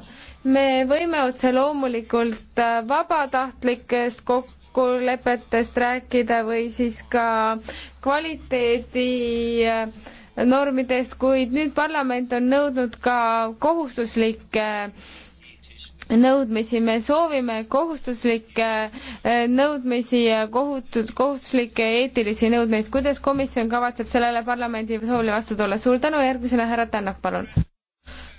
me võime otse loomulikult äh, vabatahtlikest kok-, kokkulepetest rääkida või siis ka kvaliteedi äh, normidest, kuid nüüd parlament on nõudnud ka kohustuslikke äh, nõudmisi, me soovime kohustuslikke äh, nõudmisi ja kohutud, kohustuslikke eetilisi nõudmeid. kuidas komisjon kavatseb sellele parlamendi soovile vastu tulla? suur tänu, järgmisena härra Tännak, palun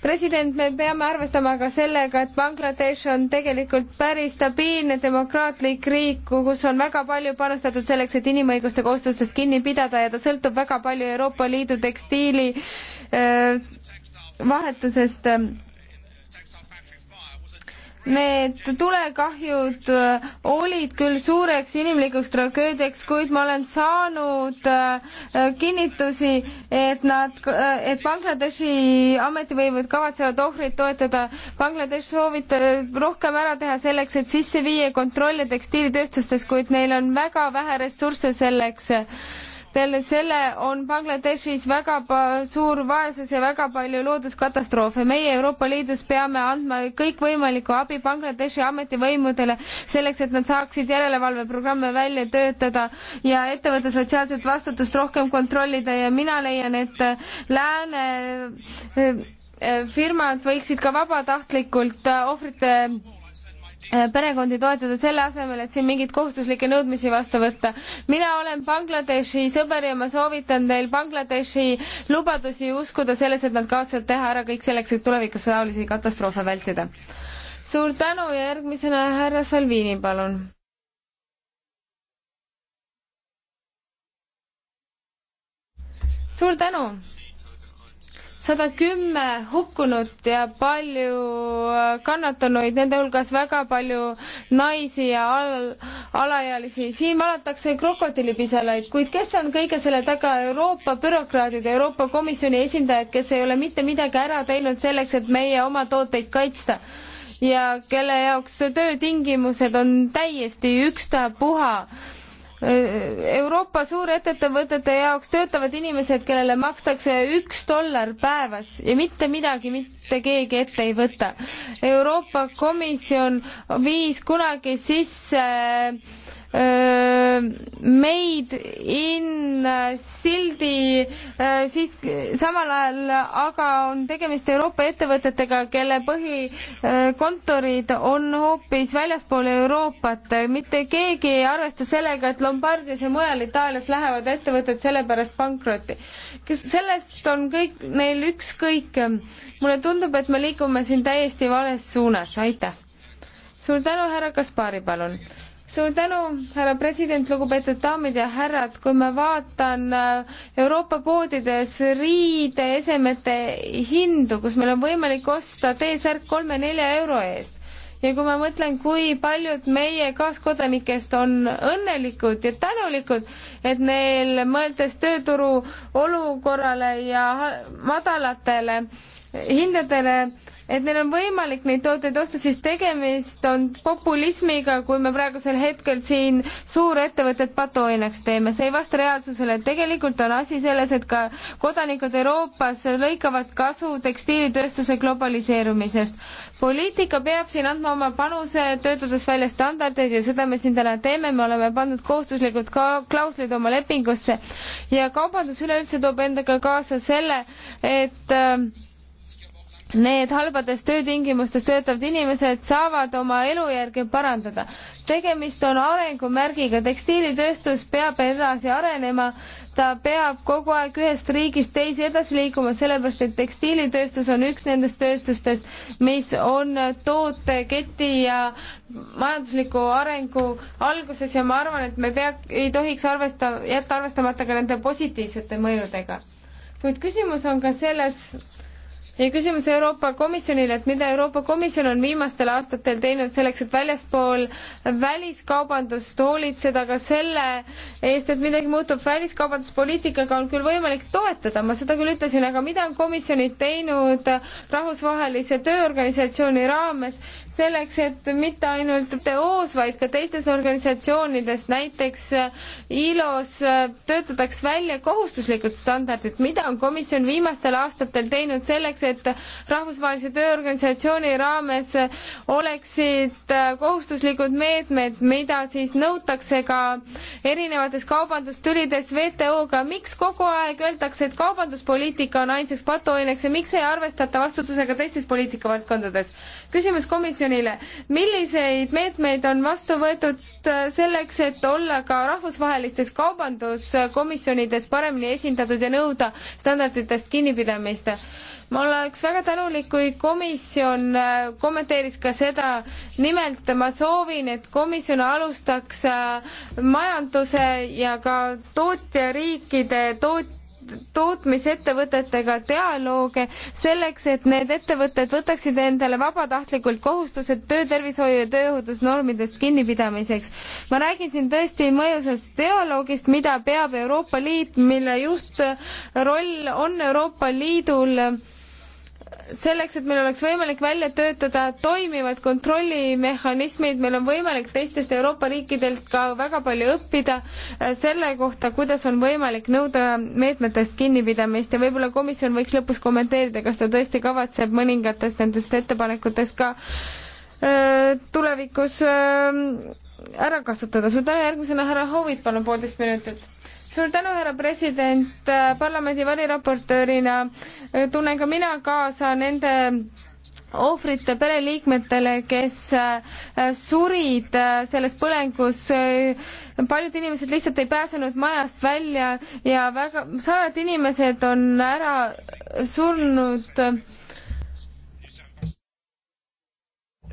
president, me peame arvestama ka sellega, et Bangladesh on tegelikult päris stabiilne demokraatlik riik, kus on väga palju panustatud selleks, et inimõiguste kohustustest kinni pidada ja ta sõltub väga palju Euroopa Liidu tekstiili äh, vahetusest äh, Need tulekahjud äh, olid küll suureks inimlikuks tragöödiaks, kuid ma olen saanud äh, kinnitusi, et nad, äh, et Bangladeshi ametivõimud kavatsevad ohvrit toetada. Bangladesh soovitab rohkem ära teha selleks, et sisse viia kontrolle tekstiilitööstustes, kuid neil on väga vähe ressursse selleks peale selle on Bangladeshis väga suur vaesus ja väga palju looduskatastroofe. meie Euroopa Liidus peame andma kõikvõimalikku abi Bangladeshi ametivõimudele selleks, et nad saaksid järelevalveprogramme välja töötada ja ettevõtte sotsiaalset vastutust rohkem kontrollida ja mina leian, et lääne eh, eh, firmad võiksid ka vabatahtlikult eh, ohvrite Äh, perekondi toetada selle asemel, et siin mingeid kohustuslikke nõudmisi vastu võtta. mina olen Bangladeshi sõber ja ma soovitan teil Bangladeshi lubadusi uskuda selles, et nad kavatsevad teha ära kõik selleks, et tulevikus taolisi katastroofe vältida. suur tänu ja järgmisena härra Salvini, palun. suur tänu sada kümme hukkunut ja palju äh, kannatanuid, nende hulgas väga palju naisi ja al alaealisi. siin valatakse krokodillipisalaid, kuid kes on kõige selle taga? Euroopa bürokraadid, Euroopa Komisjoni esindajad, kes ei ole mitte midagi ära teinud selleks, et meie oma tooteid kaitsta ja kelle jaoks töötingimused on täiesti ükstapuha Euroopa suurettevõtete jaoks töötavad inimesed, kellele makstakse üks dollar päevas ja mitte midagi, mitte mitte keegi ette ei võta. Euroopa Komisjon viis kunagi sisse Made in sildi, siis samal ajal aga on tegemist Euroopa ettevõtetega, kelle põhikontorid on hoopis väljaspool Euroopat. mitte keegi ei arvesta sellega, et Lombardias ja mujal Itaalias lähevad ettevõtted sellepärast pankrotti. kes, sellest on kõik neil ükskõik mulle tundub, et me liigume siin täiesti vales suunas, aitäh. suur tänu, härra Kaspari, palun. suur tänu, härra president, lugupeetud daamid ja härrad, kui ma vaatan äh, Euroopa poodides riideesemete hindu, kus meil on võimalik osta T-särk kolme-nelja euro eest, ja kui ma mõtlen, kui paljud meie kaaskodanikest on õnnelikud ja tänulikud, et neil mõeldes tööturu olukorrale ja madalatele hindadele, et neil on võimalik neid tooteid osta, siis tegemist on populismiga, kui me praegusel hetkel siin suurettevõtted patuoinaks teeme, see ei vasta reaalsusele, et tegelikult on asi selles, et ka kodanikud Euroopas lõikavad kasu tekstiilitööstuse globaliseerumisest. poliitika peab siin andma oma panuse, töötades välja standardeid ja seda me siin täna teeme, me oleme pandud kohustuslikud ka klauslid oma lepingusse ja kaubandus üleüldse toob endaga kaasa selle, et äh, need halbades töötingimustes töötavad inimesed saavad oma elujärge parandada. tegemist on arengumärgiga, tekstiilitööstus peab edasi arenema, ta peab kogu aeg ühest riigist teise edasi liikuma, sellepärast et tekstiilitööstus on üks nendest tööstustest, mis on tooteketi ja majandusliku arengu alguses ja ma arvan, et me pea, ei tohiks arvesta, jätta arvestamata ka nende positiivsete mõjudega. kuid küsimus on ka selles, ja küsimus Euroopa Komisjonile, et mida Euroopa Komisjon on viimastel aastatel teinud selleks, et väljaspool väliskaubandust hoolitseda ka selle eest, et midagi muutub väliskaubanduspoliitikaga, on küll võimalik toetada, ma seda küll ütlesin, aga mida on komisjonid teinud rahvusvahelise tööorganisatsiooni raames selleks, et mitte ainult TO-s, vaid ka teistes organisatsioonides, näiteks äh, ILO-s äh, töötataks välja kohustuslikud standardid, mida on komisjon viimastel aastatel teinud selleks, et Rahvusvahelise Tööorganisatsiooni raames äh, oleksid kohustuslikud meetmed, mida siis nõutakse ka erinevates kaubandustülides WTO-ga, miks kogu aeg öeldakse, et kaubanduspoliitika on ainsaks patuoineks ja miks ei arvestata vastutusega teistes poliitikavaldkondades? küsimus komisjonile komisjonile, milliseid meetmeid on vastu võetud selleks, et olla ka rahvusvahelistes kaubanduskomisjonides paremini esindatud ja nõuda standarditest kinnipidamist? ma oleks väga tänulik, kui komisjon äh, kommenteeriks ka seda, nimelt ma soovin, et komisjon alustaks äh, majanduse ja ka tootjariikide toot-, tootmisettevõtetega dialoog selleks, et need ettevõtted võtaksid endale vabatahtlikult kohustused töötervishoiu ja tööohutusnormidest kinnipidamiseks. ma räägin siin tõesti mõjusast dialoogist, mida peab Euroopa Liit, mille just roll on Euroopa Liidul selleks, et meil oleks võimalik välja töötada toimivad kontrollimehhanismid, meil on võimalik teistest Euroopa riikidelt ka väga palju õppida äh, selle kohta, kuidas on võimalik nõuda meetmetest kinnipidamist ja võib-olla komisjon võiks lõpus kommenteerida, kas ta tõesti kavatseb mõningatest nendest ettepanekutest ka öö, äh, tulevikus öö, äh, ära kasutada. suur tänu, järgmisena härra Hovid, palun poolteist minutit suur tänu, härra president, parlamendi variraportöörina äh, tunnen ka mina kaasa nende ohvrite pereliikmetele, kes äh, surid äh, selles põlengus. paljud inimesed lihtsalt ei pääsenud majast välja ja väga, sajad inimesed on ära surnud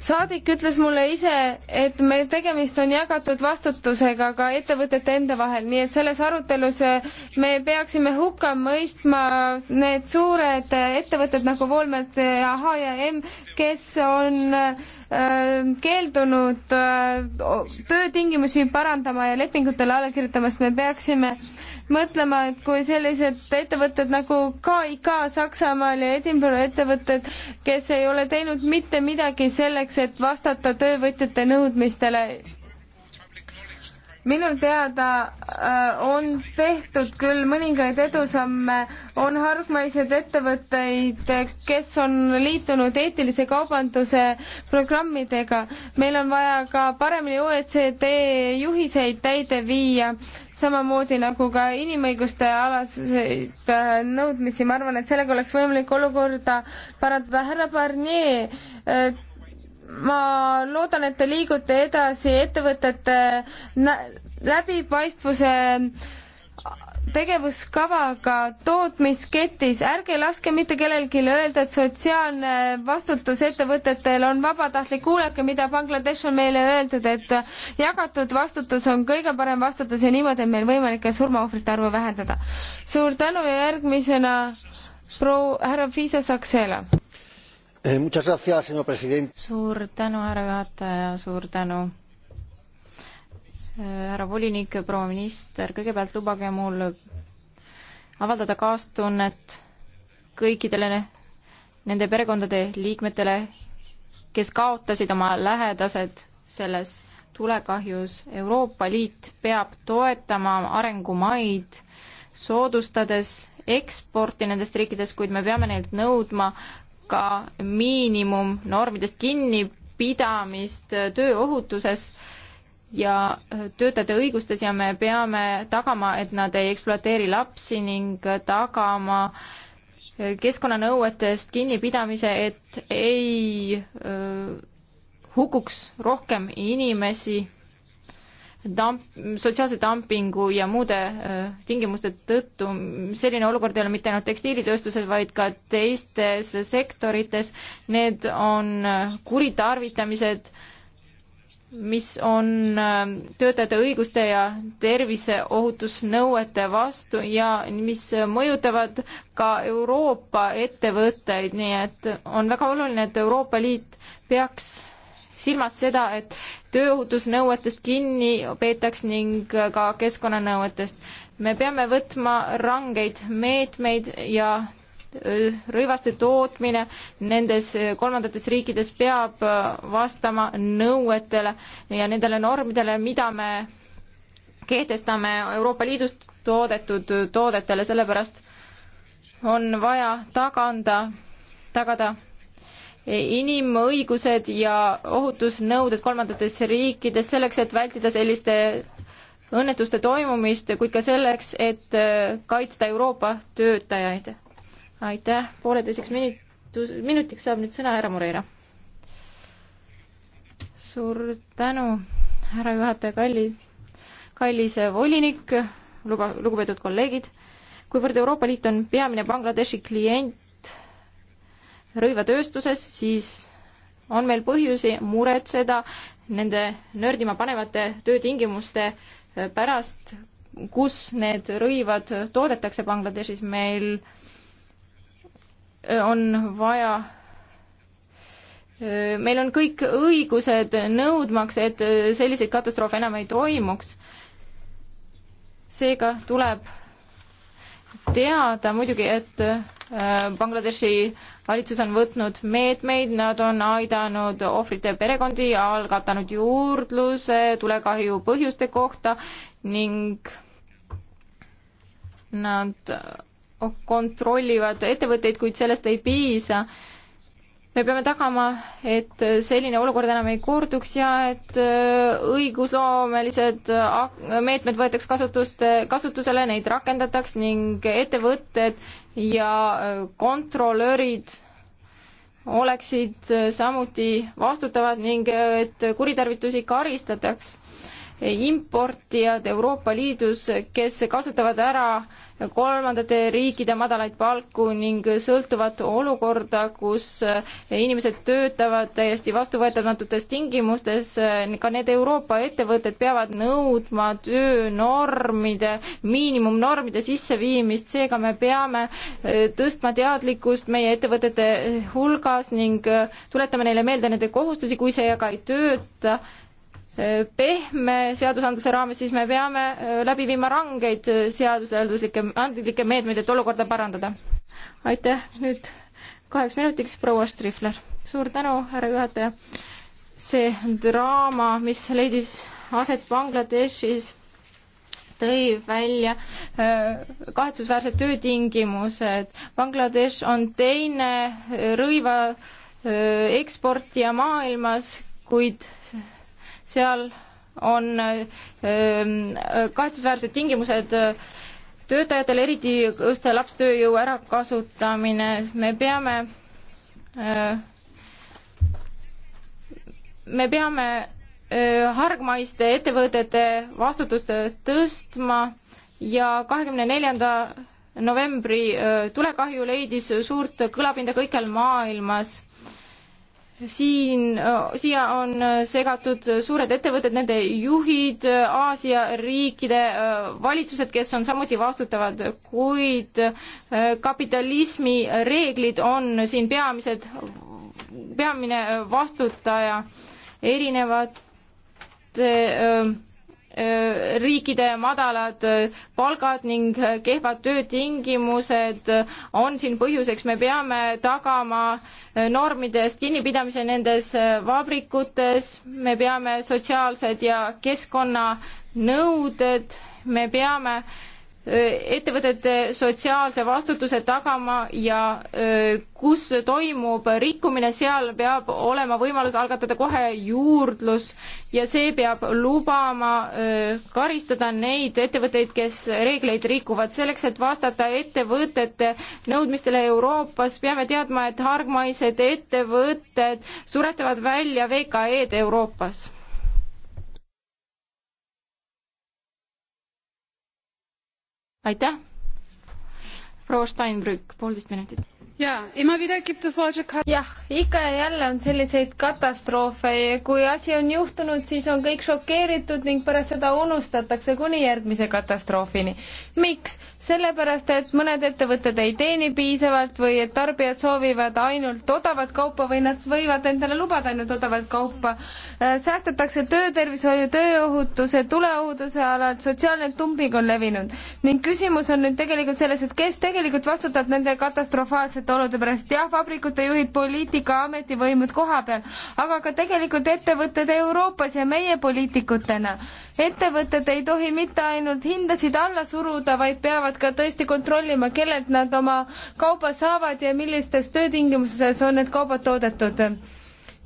saadik ütles mulle ise, et meil tegemist on jagatud vastutusega ka ettevõtete enda vahel, nii et selles arutelus me peaksime hukka mõistma need suured ettevõtted nagu Volmet ja H ja M, kes on äh, Äh, keeldunud äh, töötingimusi parandama ja lepingutele alla kirjutamast, me peaksime mõtlema, et kui sellised ettevõtted nagu KIK Saksamaal ja Edinburgh ettevõtted, kes ei ole teinud mitte midagi selleks, et vastata töövõtjate nõudmistele, minu teada äh, on tehtud küll mõningaid edusamme, on hargmaised ettevõtteid, kes on liitunud eetilise kaubanduse programmidega. meil on vaja ka paremini OECD juhiseid täide viia, samamoodi nagu ka inimõiguste alaseid äh, nõudmisi. ma arvan, et sellega oleks võimalik olukorda parandada. härra Barnier äh, ma loodan, et te liigute edasi ettevõtete läbipaistvuse tegevuskavaga tootmisketis, ärge laske mitte kellelgi öelda, et sotsiaalne vastutus ettevõtetel on vabatahtlik, kuulake, mida Bangladesh on meile öeldud, et jagatud vastutus on kõige parem vastutus ja niimoodi on meil võimalik ka surmaohvrite arvu vähendada. suur tänu ja järgmisena proua härra Fisa Saksela Eh, suur tänu, härra juhataja, suur tänu. Eh, härra volinik, proua minister, kõigepealt lubage mul avaldada kaastunnet kõikidele nende perekondade liikmetele, kes kaotasid oma lähedased selles tulekahjus. Euroopa Liit peab toetama arengumaid, soodustades eksporti nendest riikidest, kuid me peame neilt nõudma ka miinimumnormidest kinnipidamist tööohutuses ja töötajate õigustes ja me peame tagama, et nad ei ekspluateeri lapsi ning tagama keskkonnanõuetest kinnipidamise, et ei hukuks rohkem inimesi damp, sotsiaalse dumpingu ja muude äh, tingimuste tõttu selline olukord ei ole mitte ainult tekstiilitööstuses, vaid ka teistes sektorites. Need on äh, kuritarvitamised, mis on äh, töötajate õiguste ja terviseohutusnõuete vastu ja mis mõjutavad ka Euroopa ettevõtteid, nii et on väga oluline, et Euroopa Liit peaks silmas seda, et tööohutusnõuetest kinni peetaks ning ka keskkonnanõuetest. me peame võtma rangeid meetmeid ja äh, rõivaste tootmine nendes äh, kolmandates riikides peab äh, vastama nõuetele ja nendele normidele, mida me kehtestame Euroopa Liidust toodetud toodetele, sellepärast on vaja taganda, tagada inimõigused ja ohutusnõuded kolmandates riikides selleks, et vältida selliste õnnetuste toimumist, kuid ka selleks, et äh, kaitsta Euroopa töötajaid. aitäh, pooleteiseks minutus, minutiks saab nüüd sõna härra Moreira. suur tänu, härra juhataja, kalli, kallis äh, volinik, luba, lugupeetud kolleegid. kuivõrd Euroopa Liit on peamine Bangladeshi klient, rõivatööstuses, siis on meil põhjusi muretseda nende nördima panevate töötingimuste pärast, kus need rõivad toodetakse Bangladeshis, meil äh, on vaja äh, meil on kõik õigused nõudmaks, et äh, selliseid katastroofe enam ei toimuks. seega tuleb teada muidugi, et Äh, Bangladeshi valitsus on võtnud meetmeid, nad on aidanud ohvrite perekondi, algatanud juurdluse tulekahju põhjuste kohta ning nad kontrollivad ettevõtteid, kuid sellest ei piisa me peame tagama, et selline olukord enam ei korduks ja et äh, õigusloomelised äh, meetmed võetaks kasutust, kasutusele, neid rakendataks ning ettevõtted ja äh, kontrolörid oleksid samuti vastutavad ning et kuritarvitusi karistataks. importijad Euroopa Liidus, kes kasutavad ära kolmandate riikide madalaid palku ning sõltuvad olukorda, kus eh, inimesed töötavad täiesti vastuvõetamatutes tingimustes, eh, ka need Euroopa ettevõtted peavad nõudma töönormide, miinimumnormide sisseviimist, seega me peame eh, tõstma teadlikkust meie ettevõtete hulgas ning tuletame neile meelde nende kohustusi, kui see aga ei tööta, pehme seadusandluse raames, siis me peame äh, läbi viima rangeid äh, seadusandluslikke, andlikke meetmeid, et olukorda parandada. aitäh, nüüd kaheks minutiks proua Strihler. suur tänu, härra juhataja. see draama, mis leidis aset Bangladeshis, tõi välja äh, kahetsusväärsed töötingimused. Bangladesh on teine rõiva eksportija maailmas, kuid seal on ähm, kahetsusväärsed tingimused äh, töötajatele, eriti just lapstööjõu ärakasutamine, me peame, äh, me peame äh, hargmaiste ettevõtete vastutust tõstma ja kahekümne neljanda novembri tulekahju leidis suurt kõlapinda kõikjal maailmas siin, siia on segatud suured ettevõtted, nende juhid, Aasia riikide äh, valitsused, kes on samuti vastutavad, kuid äh, kapitalismi reeglid on siin peamised, peamine vastutaja erinevate äh, riikide madalad palgad ning kehvad töötingimused on siin põhjuseks, me peame tagama äh, normidest kinnipidamise nendes äh, vabrikutes, me peame sotsiaalsed ja keskkonnanõuded, me peame äh, ettevõtete sotsiaalse vastutuse tagama ja kus toimub rikkumine, seal peab olema võimalus algatada kohe juurdlus ja see peab lubama karistada neid ettevõtteid, kes reegleid rikuvad. selleks, et vastata ettevõtete nõudmistele Euroopas, peame teadma, et hargmaised ettevõtted suretavad välja VKE-d Euroopas aitäh, proua Steinbrück, poolteist minutit jah, ikka ja jälle on selliseid katastroofe ja kui asi on juhtunud, siis on kõik šokeeritud ning pärast seda unustatakse kuni järgmise katastroofini. miks? sellepärast, et mõned ettevõtted ei teeni piisavalt või et tarbijad soovivad ainult odavat kaupa või nad võivad endale lubada ainult odavat kaupa. Äh, säästetakse töötervishoiu, tööohutuse, tuleohutuse alal, sotsiaalne dumping on levinud ning küsimus on nüüd tegelikult selles, et kes tegelikult vastutab nende katastrofaalsete raskete olude pärast, jah, vabrikute juhid, poliitika, ametivõimud koha peal, aga ka tegelikult ettevõtted Euroopas ja meie poliitikutena. ettevõtted ei tohi mitte ainult hindasid alla suruda, vaid peavad ka tõesti kontrollima, kellelt nad oma kauba saavad ja millistes töötingimustes on need kaubad toodetud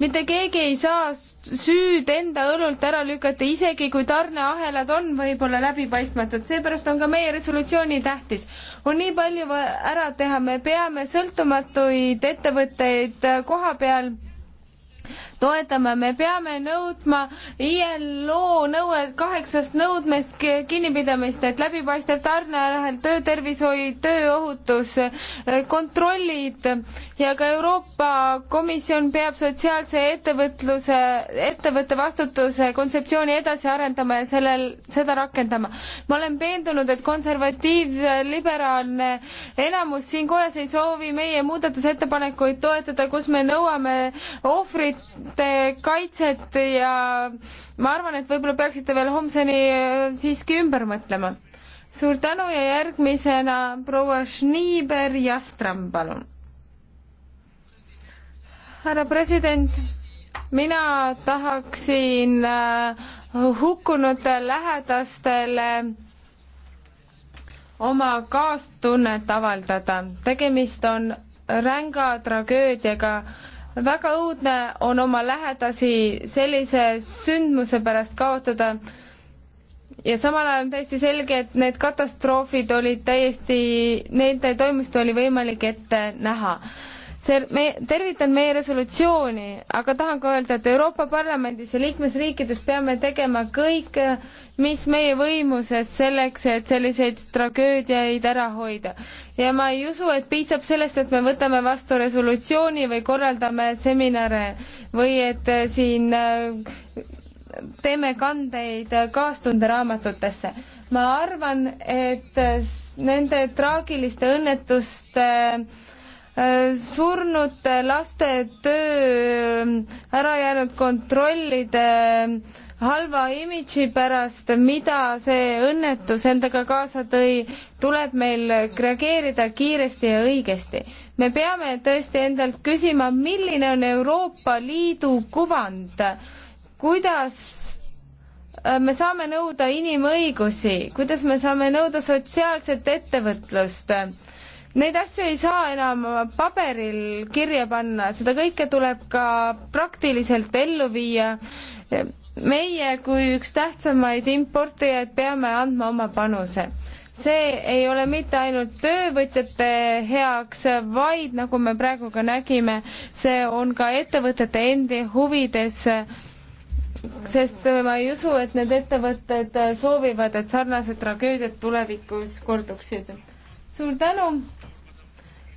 mitte keegi ei saa süüd enda õlult ära lükata, isegi kui tarneahelad on võib-olla läbipaistmatud, seepärast on ka meie resolutsiooni tähtis. on nii palju ära teha, me peame sõltumatuid ettevõtteid koha peal toetama, me peame nõudma ILO nõue, kaheksast nõudmest kinnipidamist, et läbipaistev tarneahel, töötervishoid, tööohutus, kontrollid ja ka Euroopa Komisjon peab sotsiaalse ettevõtluse, ettevõtte vastutuse kontseptsiooni edasi arendama ja sellel, seda rakendama. ma olen veendunud, et konservatiivliberaalne enamus siin kojas ei soovi meie muudatusettepanekuid toetada, kus me nõuame ohvrit, te kaitset ja ma arvan, et võib-olla peaksite veel homseni äh, siiski ümber mõtlema. suur tänu ja järgmisena proua Schnieber Jastram, palun. härra president, mina tahaksin äh, hukkunute lähedastele oma kaastunnet avaldada. tegemist on ränga tragöödiaga väga õudne on oma lähedasi sellise sündmuse pärast kaotada ja samal ajal on täiesti selge, et need katastroofid olid täiesti, neid, neid toimusid oli võimalik ette näha see, me, tervitan meie resolutsiooni, aga tahan ka öelda, et Euroopa Parlamendis ja liikmesriikides peame tegema kõik, mis meie võimuses selleks, et selliseid tragöödiaid ära hoida. ja ma ei usu, et piisab sellest, et me võtame vastu resolutsiooni või korraldame seminare või et äh, siin äh, teeme kandeid kaastunderaamatutesse. ma arvan, et äh, nende traagiliste õnnetuste äh, surnute laste töö ära jäänud kontrollide halva imidži pärast, mida see õnnetus endaga kaasa tõi, tuleb meil reageerida kiiresti ja õigesti. me peame tõesti endalt küsima, milline on Euroopa Liidu kuvand, kuidas äh, me saame nõuda inimõigusi, kuidas me saame nõuda sotsiaalset ettevõtlust Neid asju ei saa enam paberil kirja panna, seda kõike tuleb ka praktiliselt ellu viia. meie kui üks tähtsamaid importijaid peame andma oma panuse. see ei ole mitte ainult töövõtjate heaks, vaid nagu me praegu ka nägime, see on ka ettevõtete endi huvides sest ma ei usu, et need ettevõtted soovivad, et sarnased tragöödiad tulevikus korduksid. suur tänu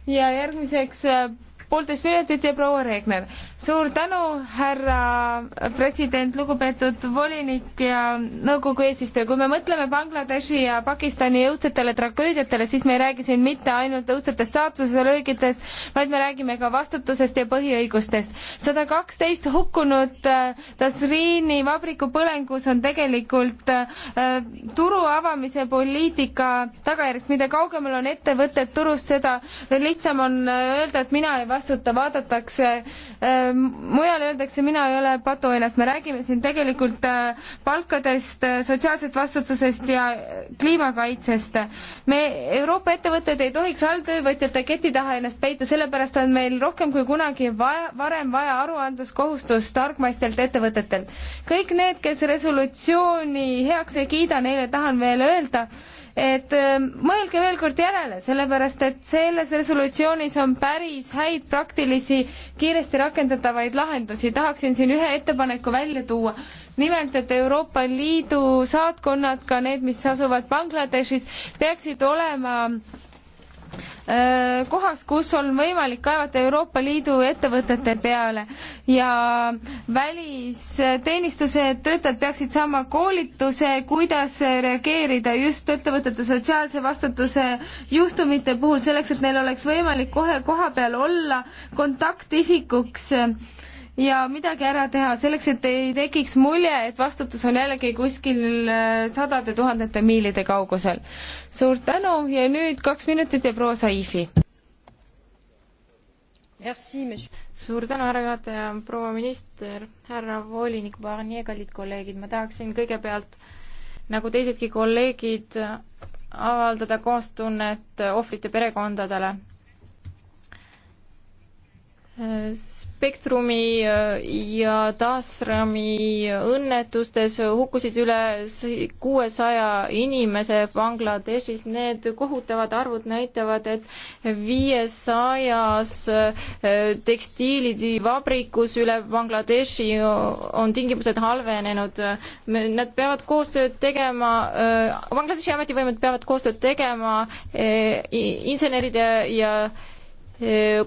ja järgmiseks äh, poolteist minutit ja proua Regner. suur tänu, härra president, lugupeetud volinik ja nõukogu eesistuja. kui me mõtleme Bangladeshi ja Pakistani õudsetele tragöödiatele, siis me ei räägi siin mitte ainult õudsetest saatuse löögidest, vaid me räägime ka vastutusest ja põhiõigustest. sada kaksteist hukkunut äh, Tasriini vabriku põlengus on tegelikult äh, turu avamise poliitika tagajärjeks, mida kaugemal on ettevõtted turust, seda lihtsam on äh, öelda, et mina ei vastu vastuta, vaadatakse ähm, mujale, öeldakse, mina ei ole patuoinas, me räägime siin tegelikult äh, palkadest, äh, sotsiaalsest vastutusest ja äh, kliimakaitsest. me, Euroopa ettevõtted ei tohiks alltöövõtjate keti taha ennast peita, sellepärast on meil rohkem kui kunagi vaja, varem vaja aruandluskohustust targmaistelt ettevõtetelt. kõik need, kes resolutsiooni heaks ei kiida, neile tahan veel öelda, et äh, mõelge veel kord järele, sellepärast et selles resolutsioonis on päris häid praktilisi kiiresti rakendatavaid lahendusi. tahaksin siin ühe ettepaneku välja tuua. nimelt, et Euroopa Liidu saatkonnad, ka need, mis asuvad Bangladeshis, peaksid olema Äh, kohaks, kus on võimalik kaevata Euroopa Liidu ettevõtete peale ja välisteenistuse töötajad peaksid saama koolituse, kuidas reageerida just ettevõtete sotsiaalse vastutuse juhtumite puhul, selleks et neil oleks võimalik kohe kohapeal olla kontaktisikuks ja midagi ära teha selleks, et ei tekiks mulje, et vastutus on jällegi kuskil äh, sadade tuhandete miilide kaugusel. suur tänu ja nüüd kaks minutit ja proua Saifi. suur tänu, härra juhataja, proua minister, härra volinik Barnier, kallid kolleegid, ma tahaksin kõigepealt nagu teisedki kolleegid avaldada koostunnet ohvrite perekondadele Spektrumi äh, ja Dasrami õnnetustes hukkusid üle kuuesaja inimese Bangladeshis. Need kohutavad arvud näitavad, et viiesajas äh, tekstiilivabrikus üle Bangladeshi on tingimused halvenenud. Nad peavad koostööd tegema, äh, Bangladeshi ametivõimed peavad koostööd tegema inseneride ja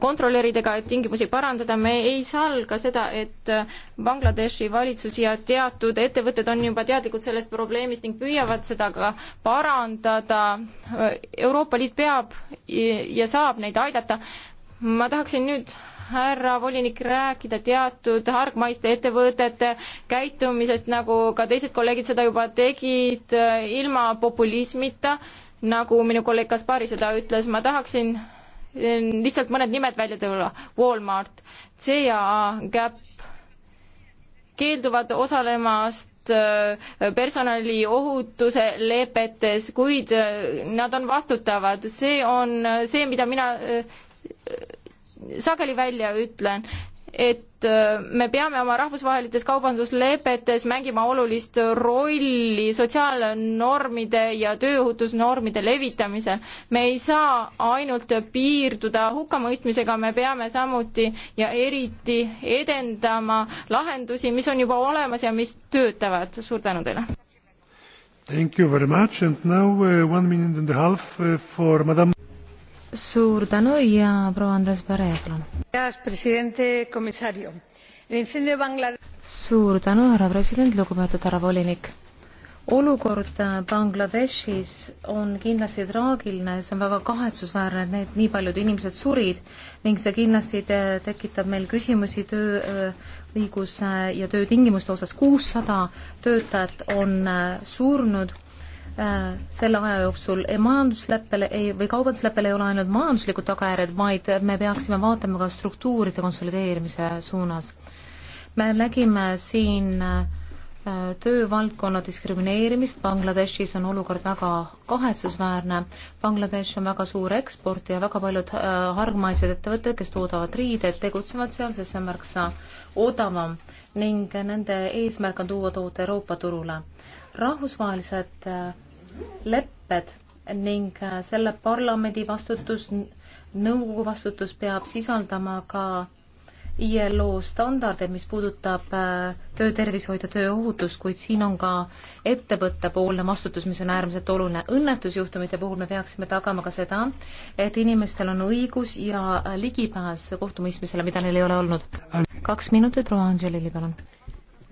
kontrolöridega, et tingimusi parandada, me ei salga seda, et äh, Bangladeshi valitsus ja teatud ettevõtted on juba teadlikud sellest probleemist ning püüavad seda ka parandada. Äh, Euroopa Liit peab ja saab neid aidata. ma tahaksin nüüd härra volinik rääkida teatud hargmaiste ettevõtete käitumisest, nagu ka teised kolleegid seda juba tegid, äh, ilma populismita, nagu minu kolleeg Kaspari seda ütles, ma tahaksin Ehm, lihtsalt mõned nimed välja tuua, Walmart, CA, Gap, keelduvad osalemast ehm, personaliohutuse lepetes, kuid ehm, nad on vastutavad, see on see, mida mina sageli välja ütlen et äh, me peame oma rahvusvahelistes kaubanduslepetes mängima olulist rolli sotsiaalnormide ja tööohutusnormide levitamisel. me ei saa ainult piirduda hukkamõistmisega, me peame samuti ja eriti edendama lahendusi, mis on juba olemas ja mis töötavad. suur tänu teile! Thank you very much and now uh, one minute and a half uh, for Madame suur tänu ja proua Andres Pere, palun. suur tänu, härra president, lugupeetud härra volinik. olukord Bangladeshis on kindlasti traagiline, see on väga kahetsusväärne, et need nii paljud inimesed surid ning see kindlasti te tekitab meil küsimusi töö õiguse ja töötingimuste osas. kuussada töötajat on äh, surnud Äh, selle aja jooksul eh, majandusleppele ei, või kaubandusleppele ei ole ainult majanduslikud tagajärjed, vaid me peaksime vaatama ka struktuuride konsolideerimise suunas. me nägime siin äh, töövaldkonna diskrimineerimist, Bangladeshis on olukord väga kahetsusväärne, Bangladesh on väga suur eksport ja väga paljud äh, hargmaised ettevõtted, kes toodavad riideid, tegutsevad seal, sest see on märksa odavam ning nende eesmärk on tuua toote Euroopa turule. rahvusvahelised äh, lepped ning äh, selle parlamendi vastutus, nõukogu vastutus peab sisaldama ka ILO standardeid, mis puudutab äh, töötervishoidu, tööohutust, kuid siin on ka ettevõttepoolne vastutus, mis on äärmiselt oluline. õnnetusjuhtumite puhul me peaksime tagama ka seda, et inimestel on õigus ja äh, ligipääs kohtumõistmisele, mida neil ei ole olnud. kaks minutit, proua Anželili, palun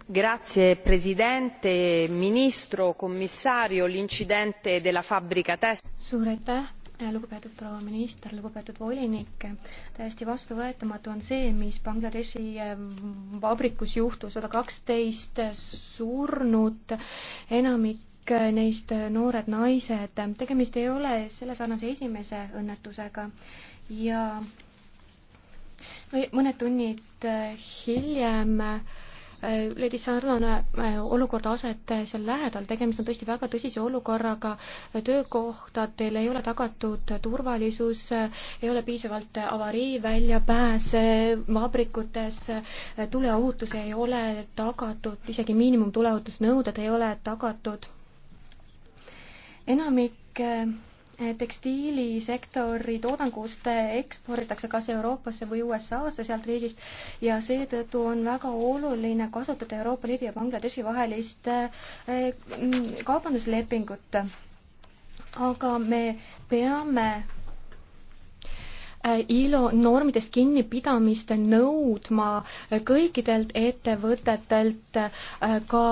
signor presidente signor ministro signor commissario l'incidente della fabbrica test. suur aitäh lugupeetud proua minister lugupeetud volinik täiesti vastuvõetamatu on see mis bangladeshi eh, vabrikus juhtus sada kaksteist surnut enamik kõik eh, neist eh, noored naised. tegemist ei ole selle sarnase esimese õnnetusega ja mõned tunnid hiljem äh, Äh, leidis sarnane äh, olukord aset äh, seal lähedal, tegemist on tõesti väga tõsise olukorraga, töökohtadel ei ole tagatud turvalisus, ei ole piisavalt avariiväljapääse vabrikutes, tuleohutus ei ole tagatud, isegi miinimumtuleohutusnõuded ei ole tagatud. enamik Eh, tekstiilisektori toodangust eh, eksporditakse kas Euroopasse või USA-sse sealt riigist ja seetõttu on väga oluline kasutada Euroopa Liidu ja Bangladeshi vahelist eh, mm, kaubanduslepingut. aga me peame ILO normidest kinnipidamist nõudma kõikidelt ettevõtetelt, ka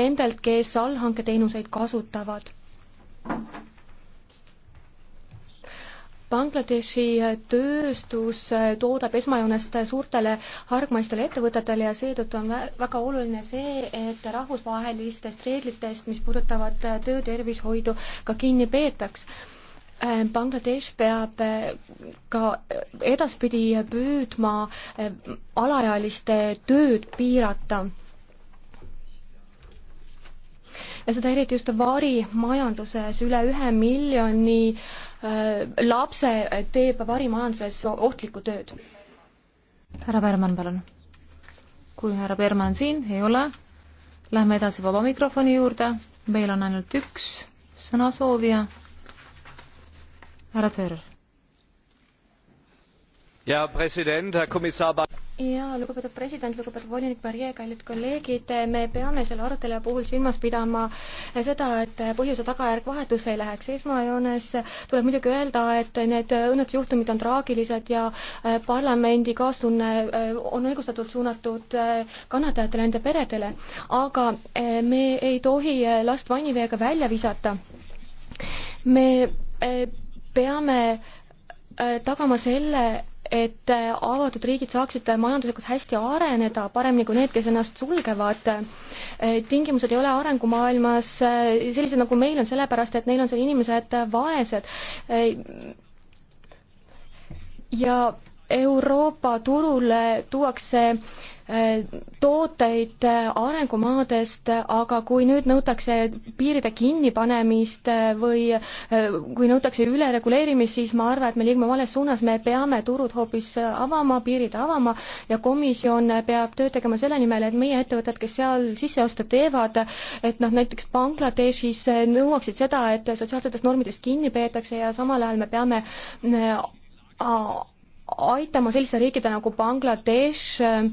nendelt, kes allhanketeenuseid kasutavad. Bangladeshi tööstus toodab esmajoonest suurtele hargmaistele ettevõtetele ja seetõttu on väga oluline see, et rahvusvahelistest reeglitest, mis puudutavad töötervishoidu, ka kinni peetaks Bangladesh peab ka edaspidi püüdma alaealiste tööd piirata. ja seda eriti just varimajanduses, üle ühe miljoni Äh, lapse äh, teeb varimajanduses ohtlikku tööd. härra Berman, palun. kui härra Berman siin ei ole, lähme edasi vaba mikrofoni juurde. meil on ainult üks sõnasoovija. härra Töörl. ja president, härra komissar ja lugupeetud president, lugupeetud volinik Marie, kallid kolleegid, me peame selle arutelu puhul silmas pidama seda, et põhjuse tagajärg vahetusse ei läheks. esmajoones tuleb muidugi öelda, et need õnnetusjuhtumid on traagilised ja äh, parlamendi kaastunne äh, on õigustatult suunatud äh, kannatajatele, nende peredele, aga me ei tohi last vanniveega välja visata. me peame tagama selle, et äh, avatud riigid saaksid äh, majanduslikult hästi areneda, paremini kui need, kes ennast sulgevad. Äh, tingimused ei ole arengumaailmas sellised, nagu meil on, sellepärast et neil on seal inimesed vaesed. ja Euroopa turule tuuakse äh, tooteid äh, arengumaadest, aga kui nüüd nõutakse piiride kinnipanemist äh, või kui nõutakse ülereguleerimist, siis ma arvan, et me liigume vales suunas, me peame turud hoopis avama, piirid avama ja komisjon peab tööd tegema selle nimel, et meie ettevõtted, kes seal sisseoste teevad, et noh, näiteks Bangladeshis nõuaksid seda, et sotsiaalsetest normidest kinni peetakse ja samal ajal me peame aitama selliste riikide nagu Bangladesh äh,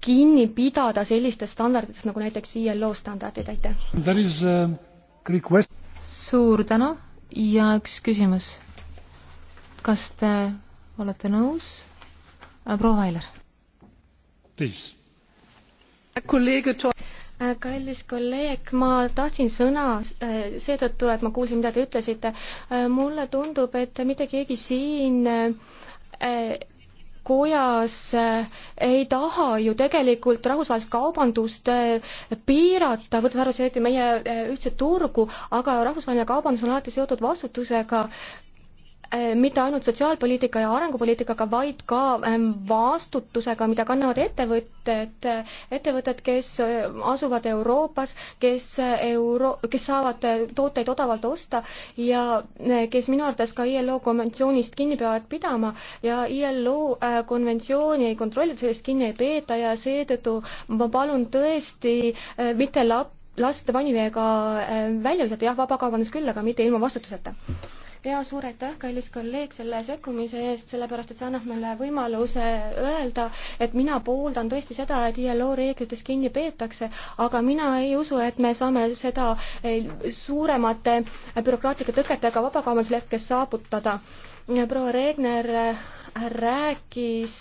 kinni pidada sellistest standarditest nagu näiteks ILO standardid, aitäh! suur tänu ja üks küsimus. kas te olete nõus? Äh, proua Vailer. Äh, kallis kolleeg, ma tahtsin sõna seetõttu, et ma kuulsin, mida te ütlesite. mulle tundub, et mitte keegi siin Eh, kojas eh, ei taha ju tegelikult rahvusvahelist kaubandust eh, piirata, võttes arvesse eriti meie ühtset turgu, aga rahvusvaheline kaubandus on alati seotud vastutusega Äh, mitte ainult sotsiaalpoliitika ja arengupoliitikaga, vaid ka ähm, vastutusega, mida kannavad ettevõtted, ettevõtted, kes äh, asuvad Euroopas, kes äh, euro, kes saavad tooteid odavalt osta ja kes minu arvates ka ILO konventsioonist kinni peavad pidama ja ILO konventsiooni ei kontrollita, sellest kinni ei peeta ja seetõttu ma palun tõesti mitte lap-, lasta vanniveega välja visata, jah, vabakaubandus küll, aga mitte ilma vastutuseta ja suur aitäh, kallis kolleeg, selle sekkumise eest, sellepärast et see annab meile võimaluse öelda, et mina pooldan tõesti seda, et ILO reeglitest kinni peetakse, aga mina ei usu, et me saame seda eh, suuremate eh, bürokraatlike tõketega vabakaubandusleppes saavutada proua Regner eh, rääkis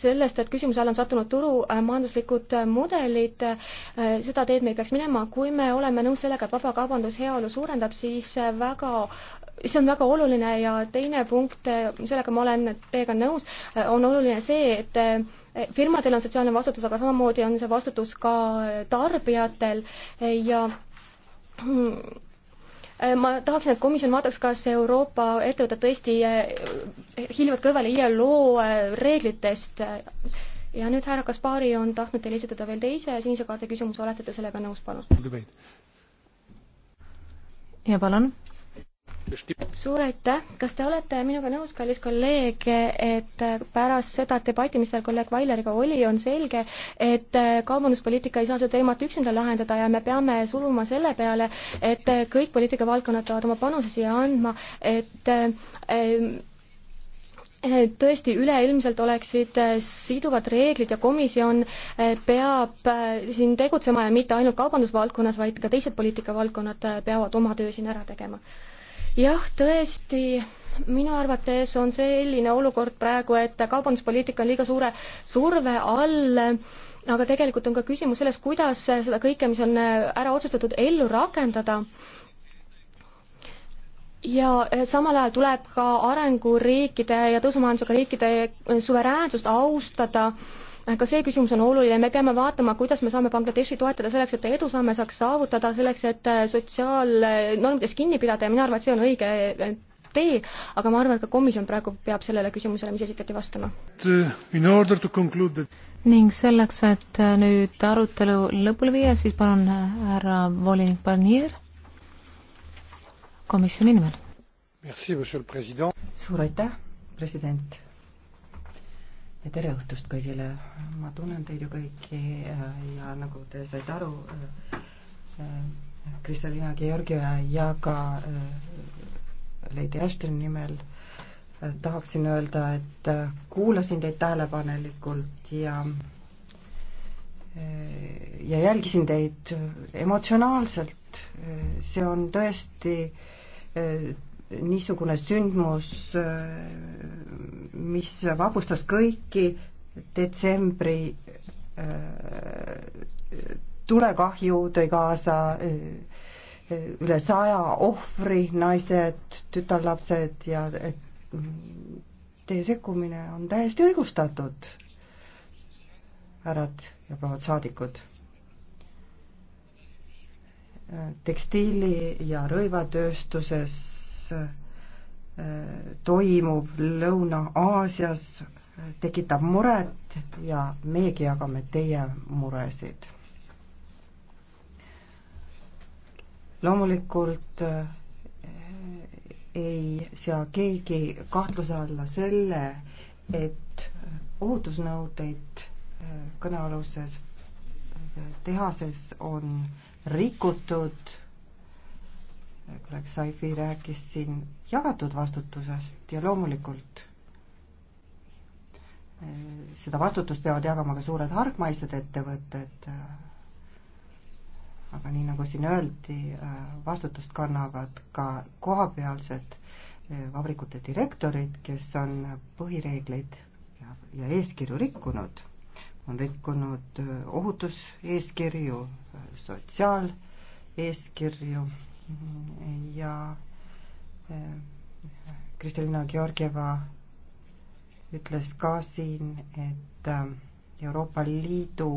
sellest, et küsimuse alla on sattunud turumajanduslikud mudelid, seda teed me ei peaks minema, kui me oleme nõus sellega, et vabakaubandus heaolu suurendab, siis väga see on väga oluline ja teine punkt, sellega ma olen teiega nõus, on oluline see, et eh, firmadel on sotsiaalne vastutus, aga samamoodi on see vastutus ka tarbijatel ja eh, ma tahaksin, et komisjon vaataks, kas Euroopa ettevõtted tõesti eh, hiilivad kõrvale ILO reeglitest. ja nüüd härra Kaspari on tahtnud teile esitada veel teise sinise kaardi küsimuse, olete te sellega nõus, palun? ja palun suur aitäh, kas te olete minuga nõus, kallis kolleeg, et pärast seda debatti, mis teil kolleeg Vaileriga oli, on selge, et kaubanduspoliitika ei saa seda teemat üksinda lahendada ja me peame suruma selle peale, et kõik poliitikavaldkonnad peavad oma panuse siia andma, et eh, eh, tõesti, üleilmselt oleksid eh, siduvad reeglid ja komisjon peab siin tegutsema ja mitte ainult kaubandusvaldkonnas, vaid ka teised poliitikavaldkonnad peavad oma töö siin ära tegema jah, tõesti, minu arvates on selline olukord praegu, et kaubanduspoliitika on liiga suure surve all, aga tegelikult on ka küsimus selles, kuidas seda kõike, mis on ära otsustatud, ellu rakendada. ja eh, samal ajal tuleb ka arenguriikide ja tõusumajandusega riikide suveräänsust austada äh, ka see küsimus on oluline, me peame vaatama, kuidas me saame Bangladeshi toetada selleks, et edusamme saaks saavutada, selleks, et äh, sotsiaalnormides kinni pidada ja mina arvan, et see on õige äh, tee, aga ma arvan, et ka komisjon praegu peab sellele küsimusele, mis esitati, vastama. ning selleks, et äh, nüüd arutelu lõpule viia, siis palun härra volinik Barnier komisjoni nimel. suur aitäh, president ja tere õhtust kõigile. ma tunnen teid ju kõiki äh, ja nagu te saite aru, äh, äh, Kristalina Georgieva ja ka Lady Ashtoni nimel tahaksin öelda, et kuulasin teid tähelepanelikult ja ja jälgisin teid emotsionaalselt. see on tõesti niisugune sündmus, mis vapustas kõiki detsembri äh, tulekahju tõi kaasa äh, üle saja ohvri, naised, tütarlapsed ja mm, teie sekkumine on täiesti õigustatud, härrad ja prouad saadikud. Äh, tekstiili- ja rõivatööstuses Äh, toimuv Lõuna-Aasias tekitab muret ja meiegi jagame teie muresid. loomulikult äh, ei sea keegi kahtluse alla selle, et ohutusnõudeid äh, kõnealuses tehases on rikutud kolleeg Saifi rääkis siin jagatud vastutusest ja loomulikult eh, seda vastutust peavad jagama ka suured hargmaised ettevõtted, eh, aga nii, nagu siin öeldi, eh, vastutust kannavad ka kohapealsed vabrikute direktorid, kes on põhireegleid ja, ja eeskirju rikkunud, on rikkunud ohutuseeskirju, sotsiaaleeskirju ja eh, Kristelina Georgieva ütles ka siin, et eh, Euroopa Liidu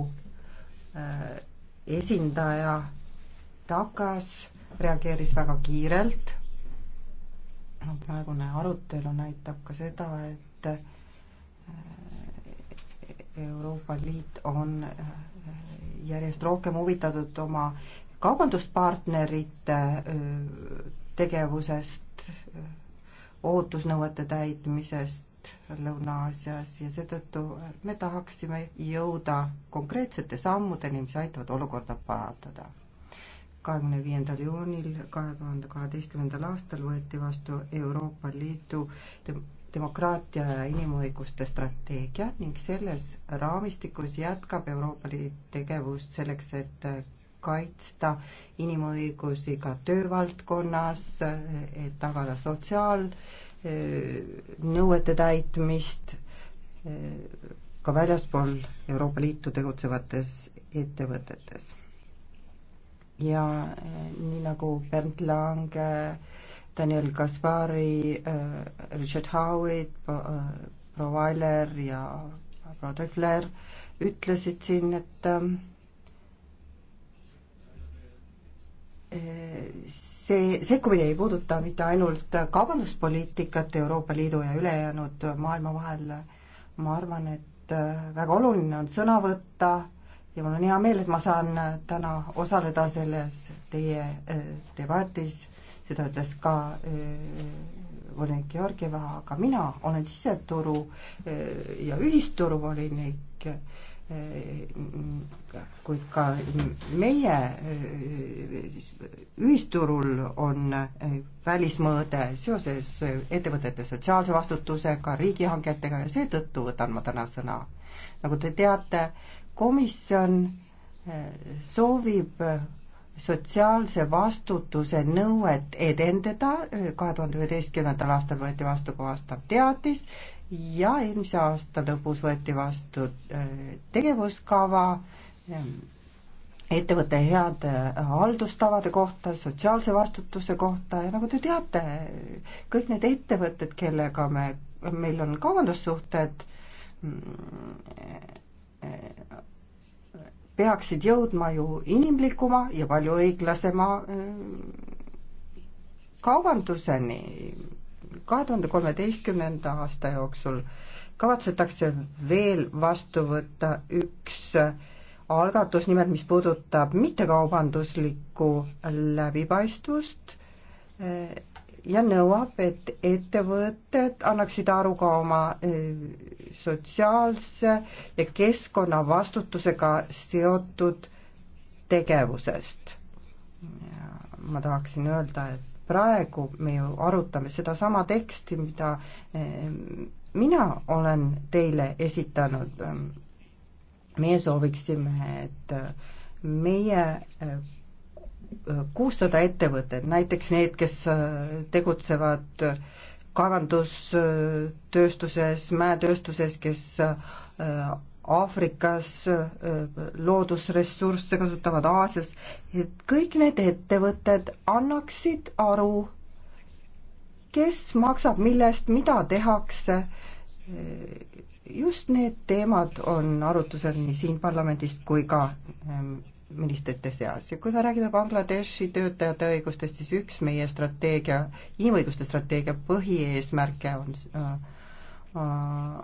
eh, esindaja tagas, reageeris väga kiirelt. praegune arutelu näitab ka seda, et Euroopa Liit on järjest rohkem huvitatud oma kaubanduspartnerite tegevusest, ootusnõuete täitmisest Lõuna-Aasias ja seetõttu me tahaksime jõuda konkreetsete sammudeni, mis aitavad olukorda parandada. kahekümne viiendal juunil kahe tuhande kaheteistkümnendal aastal võeti vastu Euroopa Liidu demokraatia ja inimõiguste strateegia ning selles raamistikus jätkab Euroopa Liit tegevust selleks, et kaitsta inimõigusi ka töövaldkonnas, et tagada sotsiaalnõuete eh, täitmist eh, ka väljaspool Euroopa Liitu tegutsevates ettevõtetes. ja eh, nii nagu Bernd Lange, Daniel Kaspari, Richard Howitt, proua Ailer ja proua Treffler ütlesid siin, et see sekkumine ei puuduta mitte ainult kaubanduspoliitikat Euroopa Liidu ja ülejäänud maailma vahel. ma arvan, et äh, väga oluline on sõna võtta ja mul on hea meel, et ma saan täna osaleda selles teie äh, debatis, seda ütles ka äh, volinik Georgieva, aga mina olen siseturu ja ühisturu volinik kuid ka meie äh, ühisturul on äh, välismõõde seoses ettevõtete sotsiaalse vastutusega, riigihangetega ja seetõttu võtan ma täna sõna. nagu te teate, komisjon äh, soovib sotsiaalse vastutuse nõuet edendada, kahe tuhande üheteistkümnendal aastal võeti vastu ka vastav teatis ja eelmise aasta lõpus võeti vastu äh, tegevuskava ähm, ettevõtte heade äh, haldustavade kohta, sotsiaalse vastutuse kohta ja nagu te teate, kõik need ettevõtted, kellega me, meil on kaubandussuhted, mm, äh, peaksid jõudma ju inimlikuma ja palju õiglasema kaubanduseni kahe tuhande kolmeteistkümnenda aasta jooksul kavatsetakse veel vastu võtta üks algatus, nimelt mis puudutab mittekaubanduslikku läbipaistvust eh, ja nõuab, et ettevõtted annaksid aru ka oma eh, sotsiaalse ja keskkonnavastutusega seotud tegevusest. ma tahaksin öelda, et praegu me ju arutame sedasama teksti, mida eh, mina olen teile esitanud. meie sooviksime, et eh, meie eh, kuussada ettevõtet, näiteks need, kes tegutsevad kaevandustööstuses, mäetööstuses, kes Aafrikas, äh, loodusressursse kasutavad Aasias, et kõik need ettevõtted annaksid aru, kes maksab mille eest, mida tehakse. Äh, just need teemad on arutusel nii siin parlamendis kui ka ähm, ministrite seas ja kui me räägime Bangladeshi töötajate õigustest, siis üks meie strateegia, inimõiguste strateegia põhieesmärke on äh, Äh,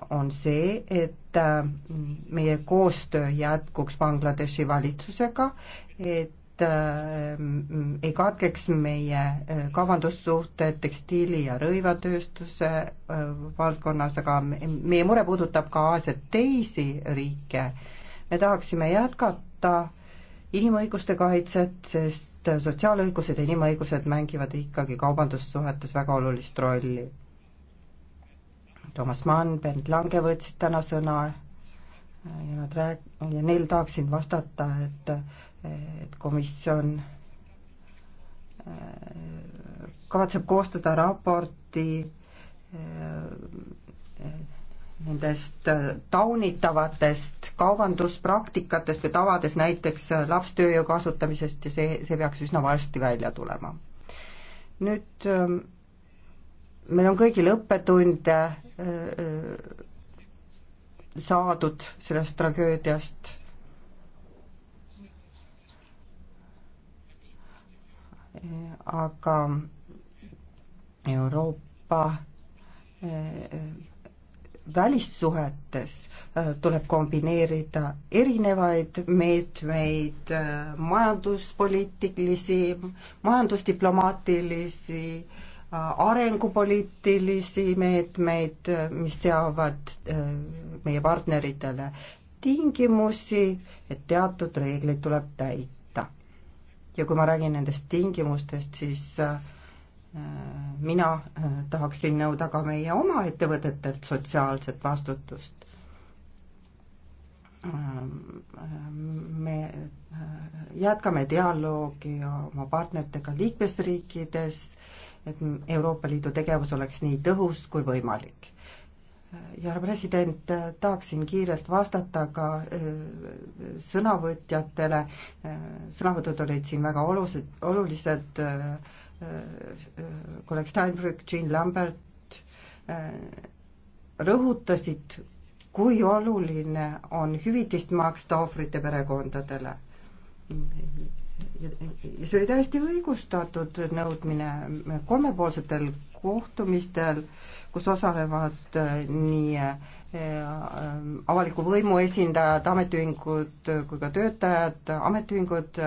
on see, et äh, meie koostöö jätkuks Bangladeshi valitsusega, et äh, ei katkeks meie kaubandussuhted tekstiili- ja rõivatööstuse valdkonnas, aga meie mure puudutab ka Aasiat teisi riike. me tahaksime jätkata inimõiguste kaitset, sest sotsiaalõigused ja inimõigused mängivad ikkagi kaubandussuhetes väga olulist rolli Toomas Mann, Bernd Lange võtsid täna sõna äh, ja nad rääg-, ja neil tahaksin vastata, et, et komisjon äh, kavatseb koostada raporti äh, nendest taunitavatest kaubanduspraktikatest või tavadest, näiteks lapstööjõu kasutamisest ja see, see peaks üsna varsti välja tulema. nüüd ähm, meil on kõigil õppetunde äh, äh, saadud sellest tragöödiast. aga Euroopa äh, välissuhetes tuleb kombineerida erinevaid meetmeid, majanduspoliitilisi, majandusdiplomaatilisi äh,, arengupoliitilisi meetmeid, mis seavad äh, meie partneritele tingimusi, et teatud reegleid tuleb täita. ja kui ma räägin nendest tingimustest, siis äh, mina äh, tahaksin nõuda ka meie oma ettevõtetelt sotsiaalset vastutust. me jätkame dialoogi oma partneritega liikmesriikides et Euroopa Liidu tegevus oleks nii tõhus kui võimalik. ja härra president, tahaksin kiirelt vastata ka äh, sõnavõtjatele, äh, sõnavõtud olid siin väga olulised, olulised, äh, kolleeg Steinbrück, Jean Lambert rõhutasid, kui oluline on hüvitist maksta ohvrite perekondadele ja see oli täiesti õigustatud nõudmine kolmepoolsetel kohtumistel, kus osalevad äh, nii äh, avaliku võimu esindajad, ametiühingud kui ka töötajad, ametiühingud,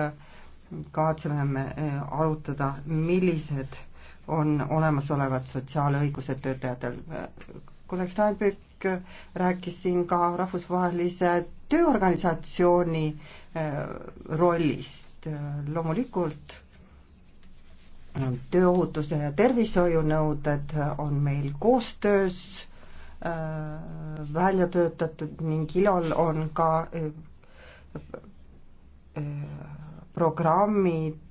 kavatseme me äh, arutada, millised on olemasolevad sotsiaalõigused töötajatel. kolleeg Steinbeck rääkis siin ka rahvusvahelise tööorganisatsiooni rollist Äh, loomulikult äh, tööohutuse ja tervishoiunõuded on meil koostöös äh, välja töötatud ning ILO-l on ka programmid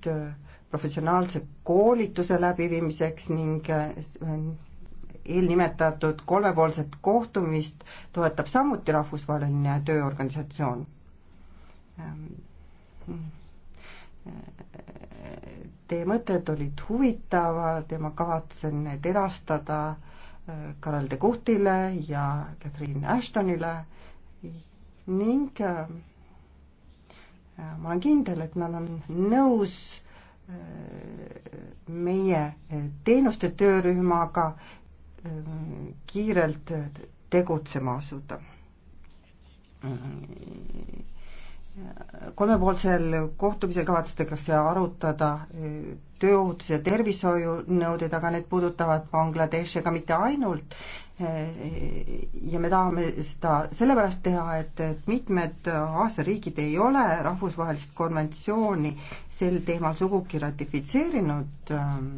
professionaalse koolituse läbiviimiseks ning eelnimetatud kolmepoolset kohtumist toetab samuti Rahvusvaheline Tööorganisatsioon. Ähm, Teie mõtted olid huvitavad ja ma kavatsen need edastada äh, Karel de Guhtile ja Catherine Ashtonile ning äh, ma olen kindel, et nad on nõus äh, meie teenuste töörühmaga kiirelt tegutsema asuda mm kolmepoolsel kohtumisel kavatsetakse arutada e, tööohutuse ja tervishoiunõudeid, aga need puudutavad Bangladeshi ega mitte ainult. E, ja me tahame seda sellepärast teha, et, et mitmed Aasia riigid ei ole rahvusvahelist konventsiooni sel teemal sugugi ratifitseerinud. Ähm,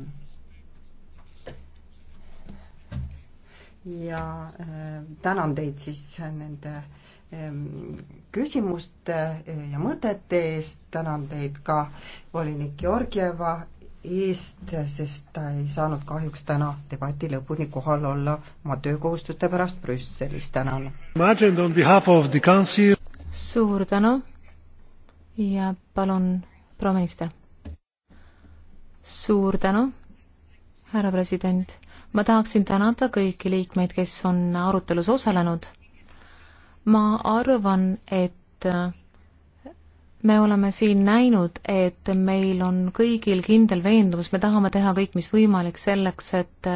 ja äh, tänan teid siis nende äh, Ehm, küsimuste eh, ja mõtete eest, tänan teid ka volinik Georgieva eest, sest ta ei saanud kahjuks täna debati lõpuni kohal olla oma töökohustuste pärast Brüsselis, tänan. suur tänu ja palun, proua minister. suur tänu, härra president. ma tahaksin tänada kõiki liikmeid, kes on arutelus osalenud ma arvan, et me oleme siin näinud, et meil on kõigil kindel veendumus, me tahame teha kõik, mis võimalik selleks, et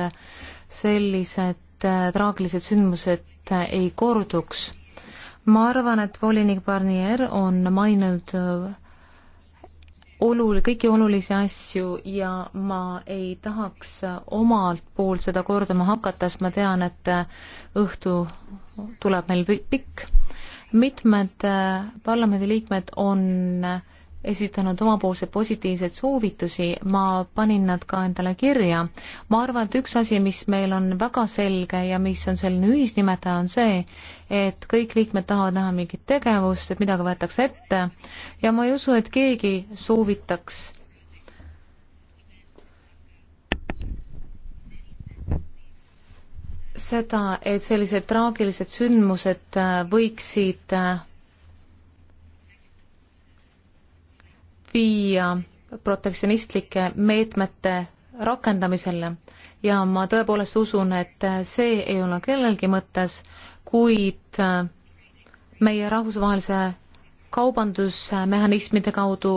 sellised äh, traagilised sündmused äh, ei korduks. ma arvan, et volinik Barnier on maininud äh, olul-, kõiki olulisi asju ja ma ei tahaks omalt poolt seda kordama hakata, sest ma tean, et õhtu tuleb meil pikk. mitmed äh, parlamendiliikmed on äh, esitanud omapoolseid positiivseid soovitusi, ma panin nad ka endale kirja. ma arvan, et üks asi, mis meil on väga selge ja mis on selline ühisnimetaja, on see, et kõik liikmed tahavad näha mingit tegevust, et midagi võetakse ette ja ma ei usu, et keegi soovitaks seda, et sellised traagilised sündmused võiksid viia protektsionistlike meetmete rakendamisele ja ma tõepoolest usun, et see ei ole kellelgi mõttes, kuid meie rahvusvahelise kaubandusmehhanismide kaudu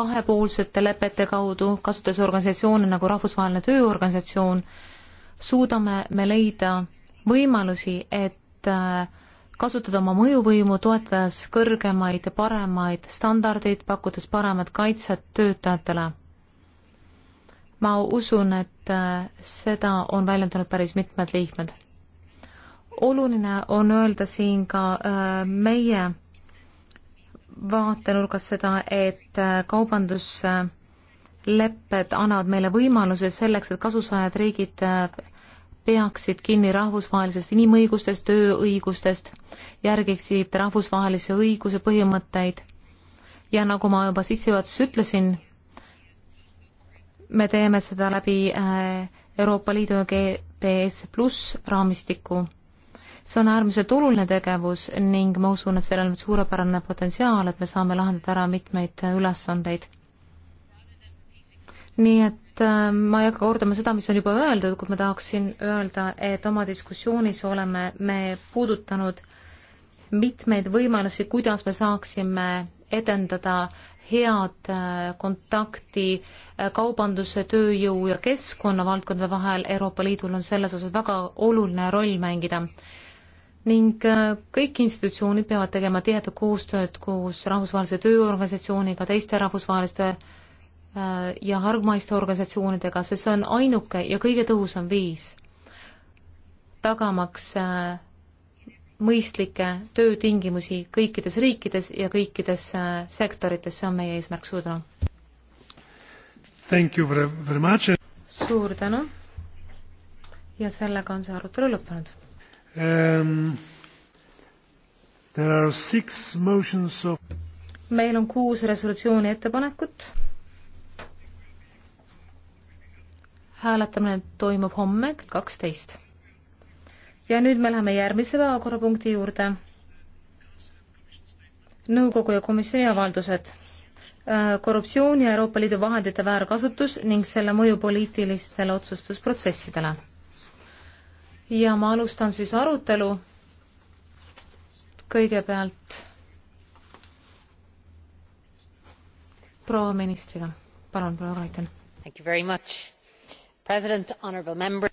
kahepoolsete lepete kaudu, kasutades organisatsioone nagu Rahvusvaheline Tööorganisatsioon, suudame me leida võimalusi, et äh, kasutada oma mõjuvõimu, toetades kõrgemaid ja paremaid standardeid, pakkudes paremat kaitset töötajatele. ma usun, et äh, seda on väljendanud päris mitmed liikmed. oluline on öelda siin ka äh, meie vaatenurgas seda, et äh, kaubanduslepped annavad meile võimaluse selleks, et kasusaajad riigid peaksid kinni rahvusvahelisest inimõigustest, tööõigustest, järgiksid rahvusvahelise õiguse põhimõtteid ja nagu ma juba sissejuhatuses ütlesin, me teeme seda läbi äh, Euroopa Liidu GPS pluss raamistiku. see on äärmiselt oluline tegevus ning ma usun, et sellel on suurepärane potentsiaal, et me saame lahendada ära mitmeid ülesandeid. nii et et ähm, ma ei hakka kordama seda, mis on juba öeldud, kuid ma tahaksin öelda, et oma diskussioonis oleme me puudutanud mitmeid võimalusi, kuidas me saaksime edendada head äh, kontakti äh, kaubanduse, tööjõu ja keskkonnavaldkondade vahel. Euroopa Liidul on selles osas väga oluline roll mängida ning äh, kõik institutsioonid peavad tegema tihedat koostööd koos Rahvusvahelise Tööorganisatsiooniga, teiste rahvusvaheliste äh, Äh, ja hargmaiste organisatsioonidega, sest see on ainuke ja kõige tõhusam viis tagamaks äh, mõistlikke töötingimusi kõikides riikides ja kõikides äh, sektorites, see on meie eesmärk, suur tänu! Thank you very, very much! suur tänu! ja sellega on see arutelu lõppenud um,. There are six motions of meil on kuus resolutsiooni ettepanekut hääletamine toimub homme kell kaksteist. ja nüüd me läheme järgmise päevakorrapunkti juurde. nõukogu ja komisjoni avaldused. Äh, korruptsioon ja Euroopa Liidu vahendite väärkasutus ning selle mõju poliitilistele otsustusprotsessidele. ja ma alustan siis arutelu. kõigepealt proua ministriga. palun, proua Raitan. Thank you very much president honourable members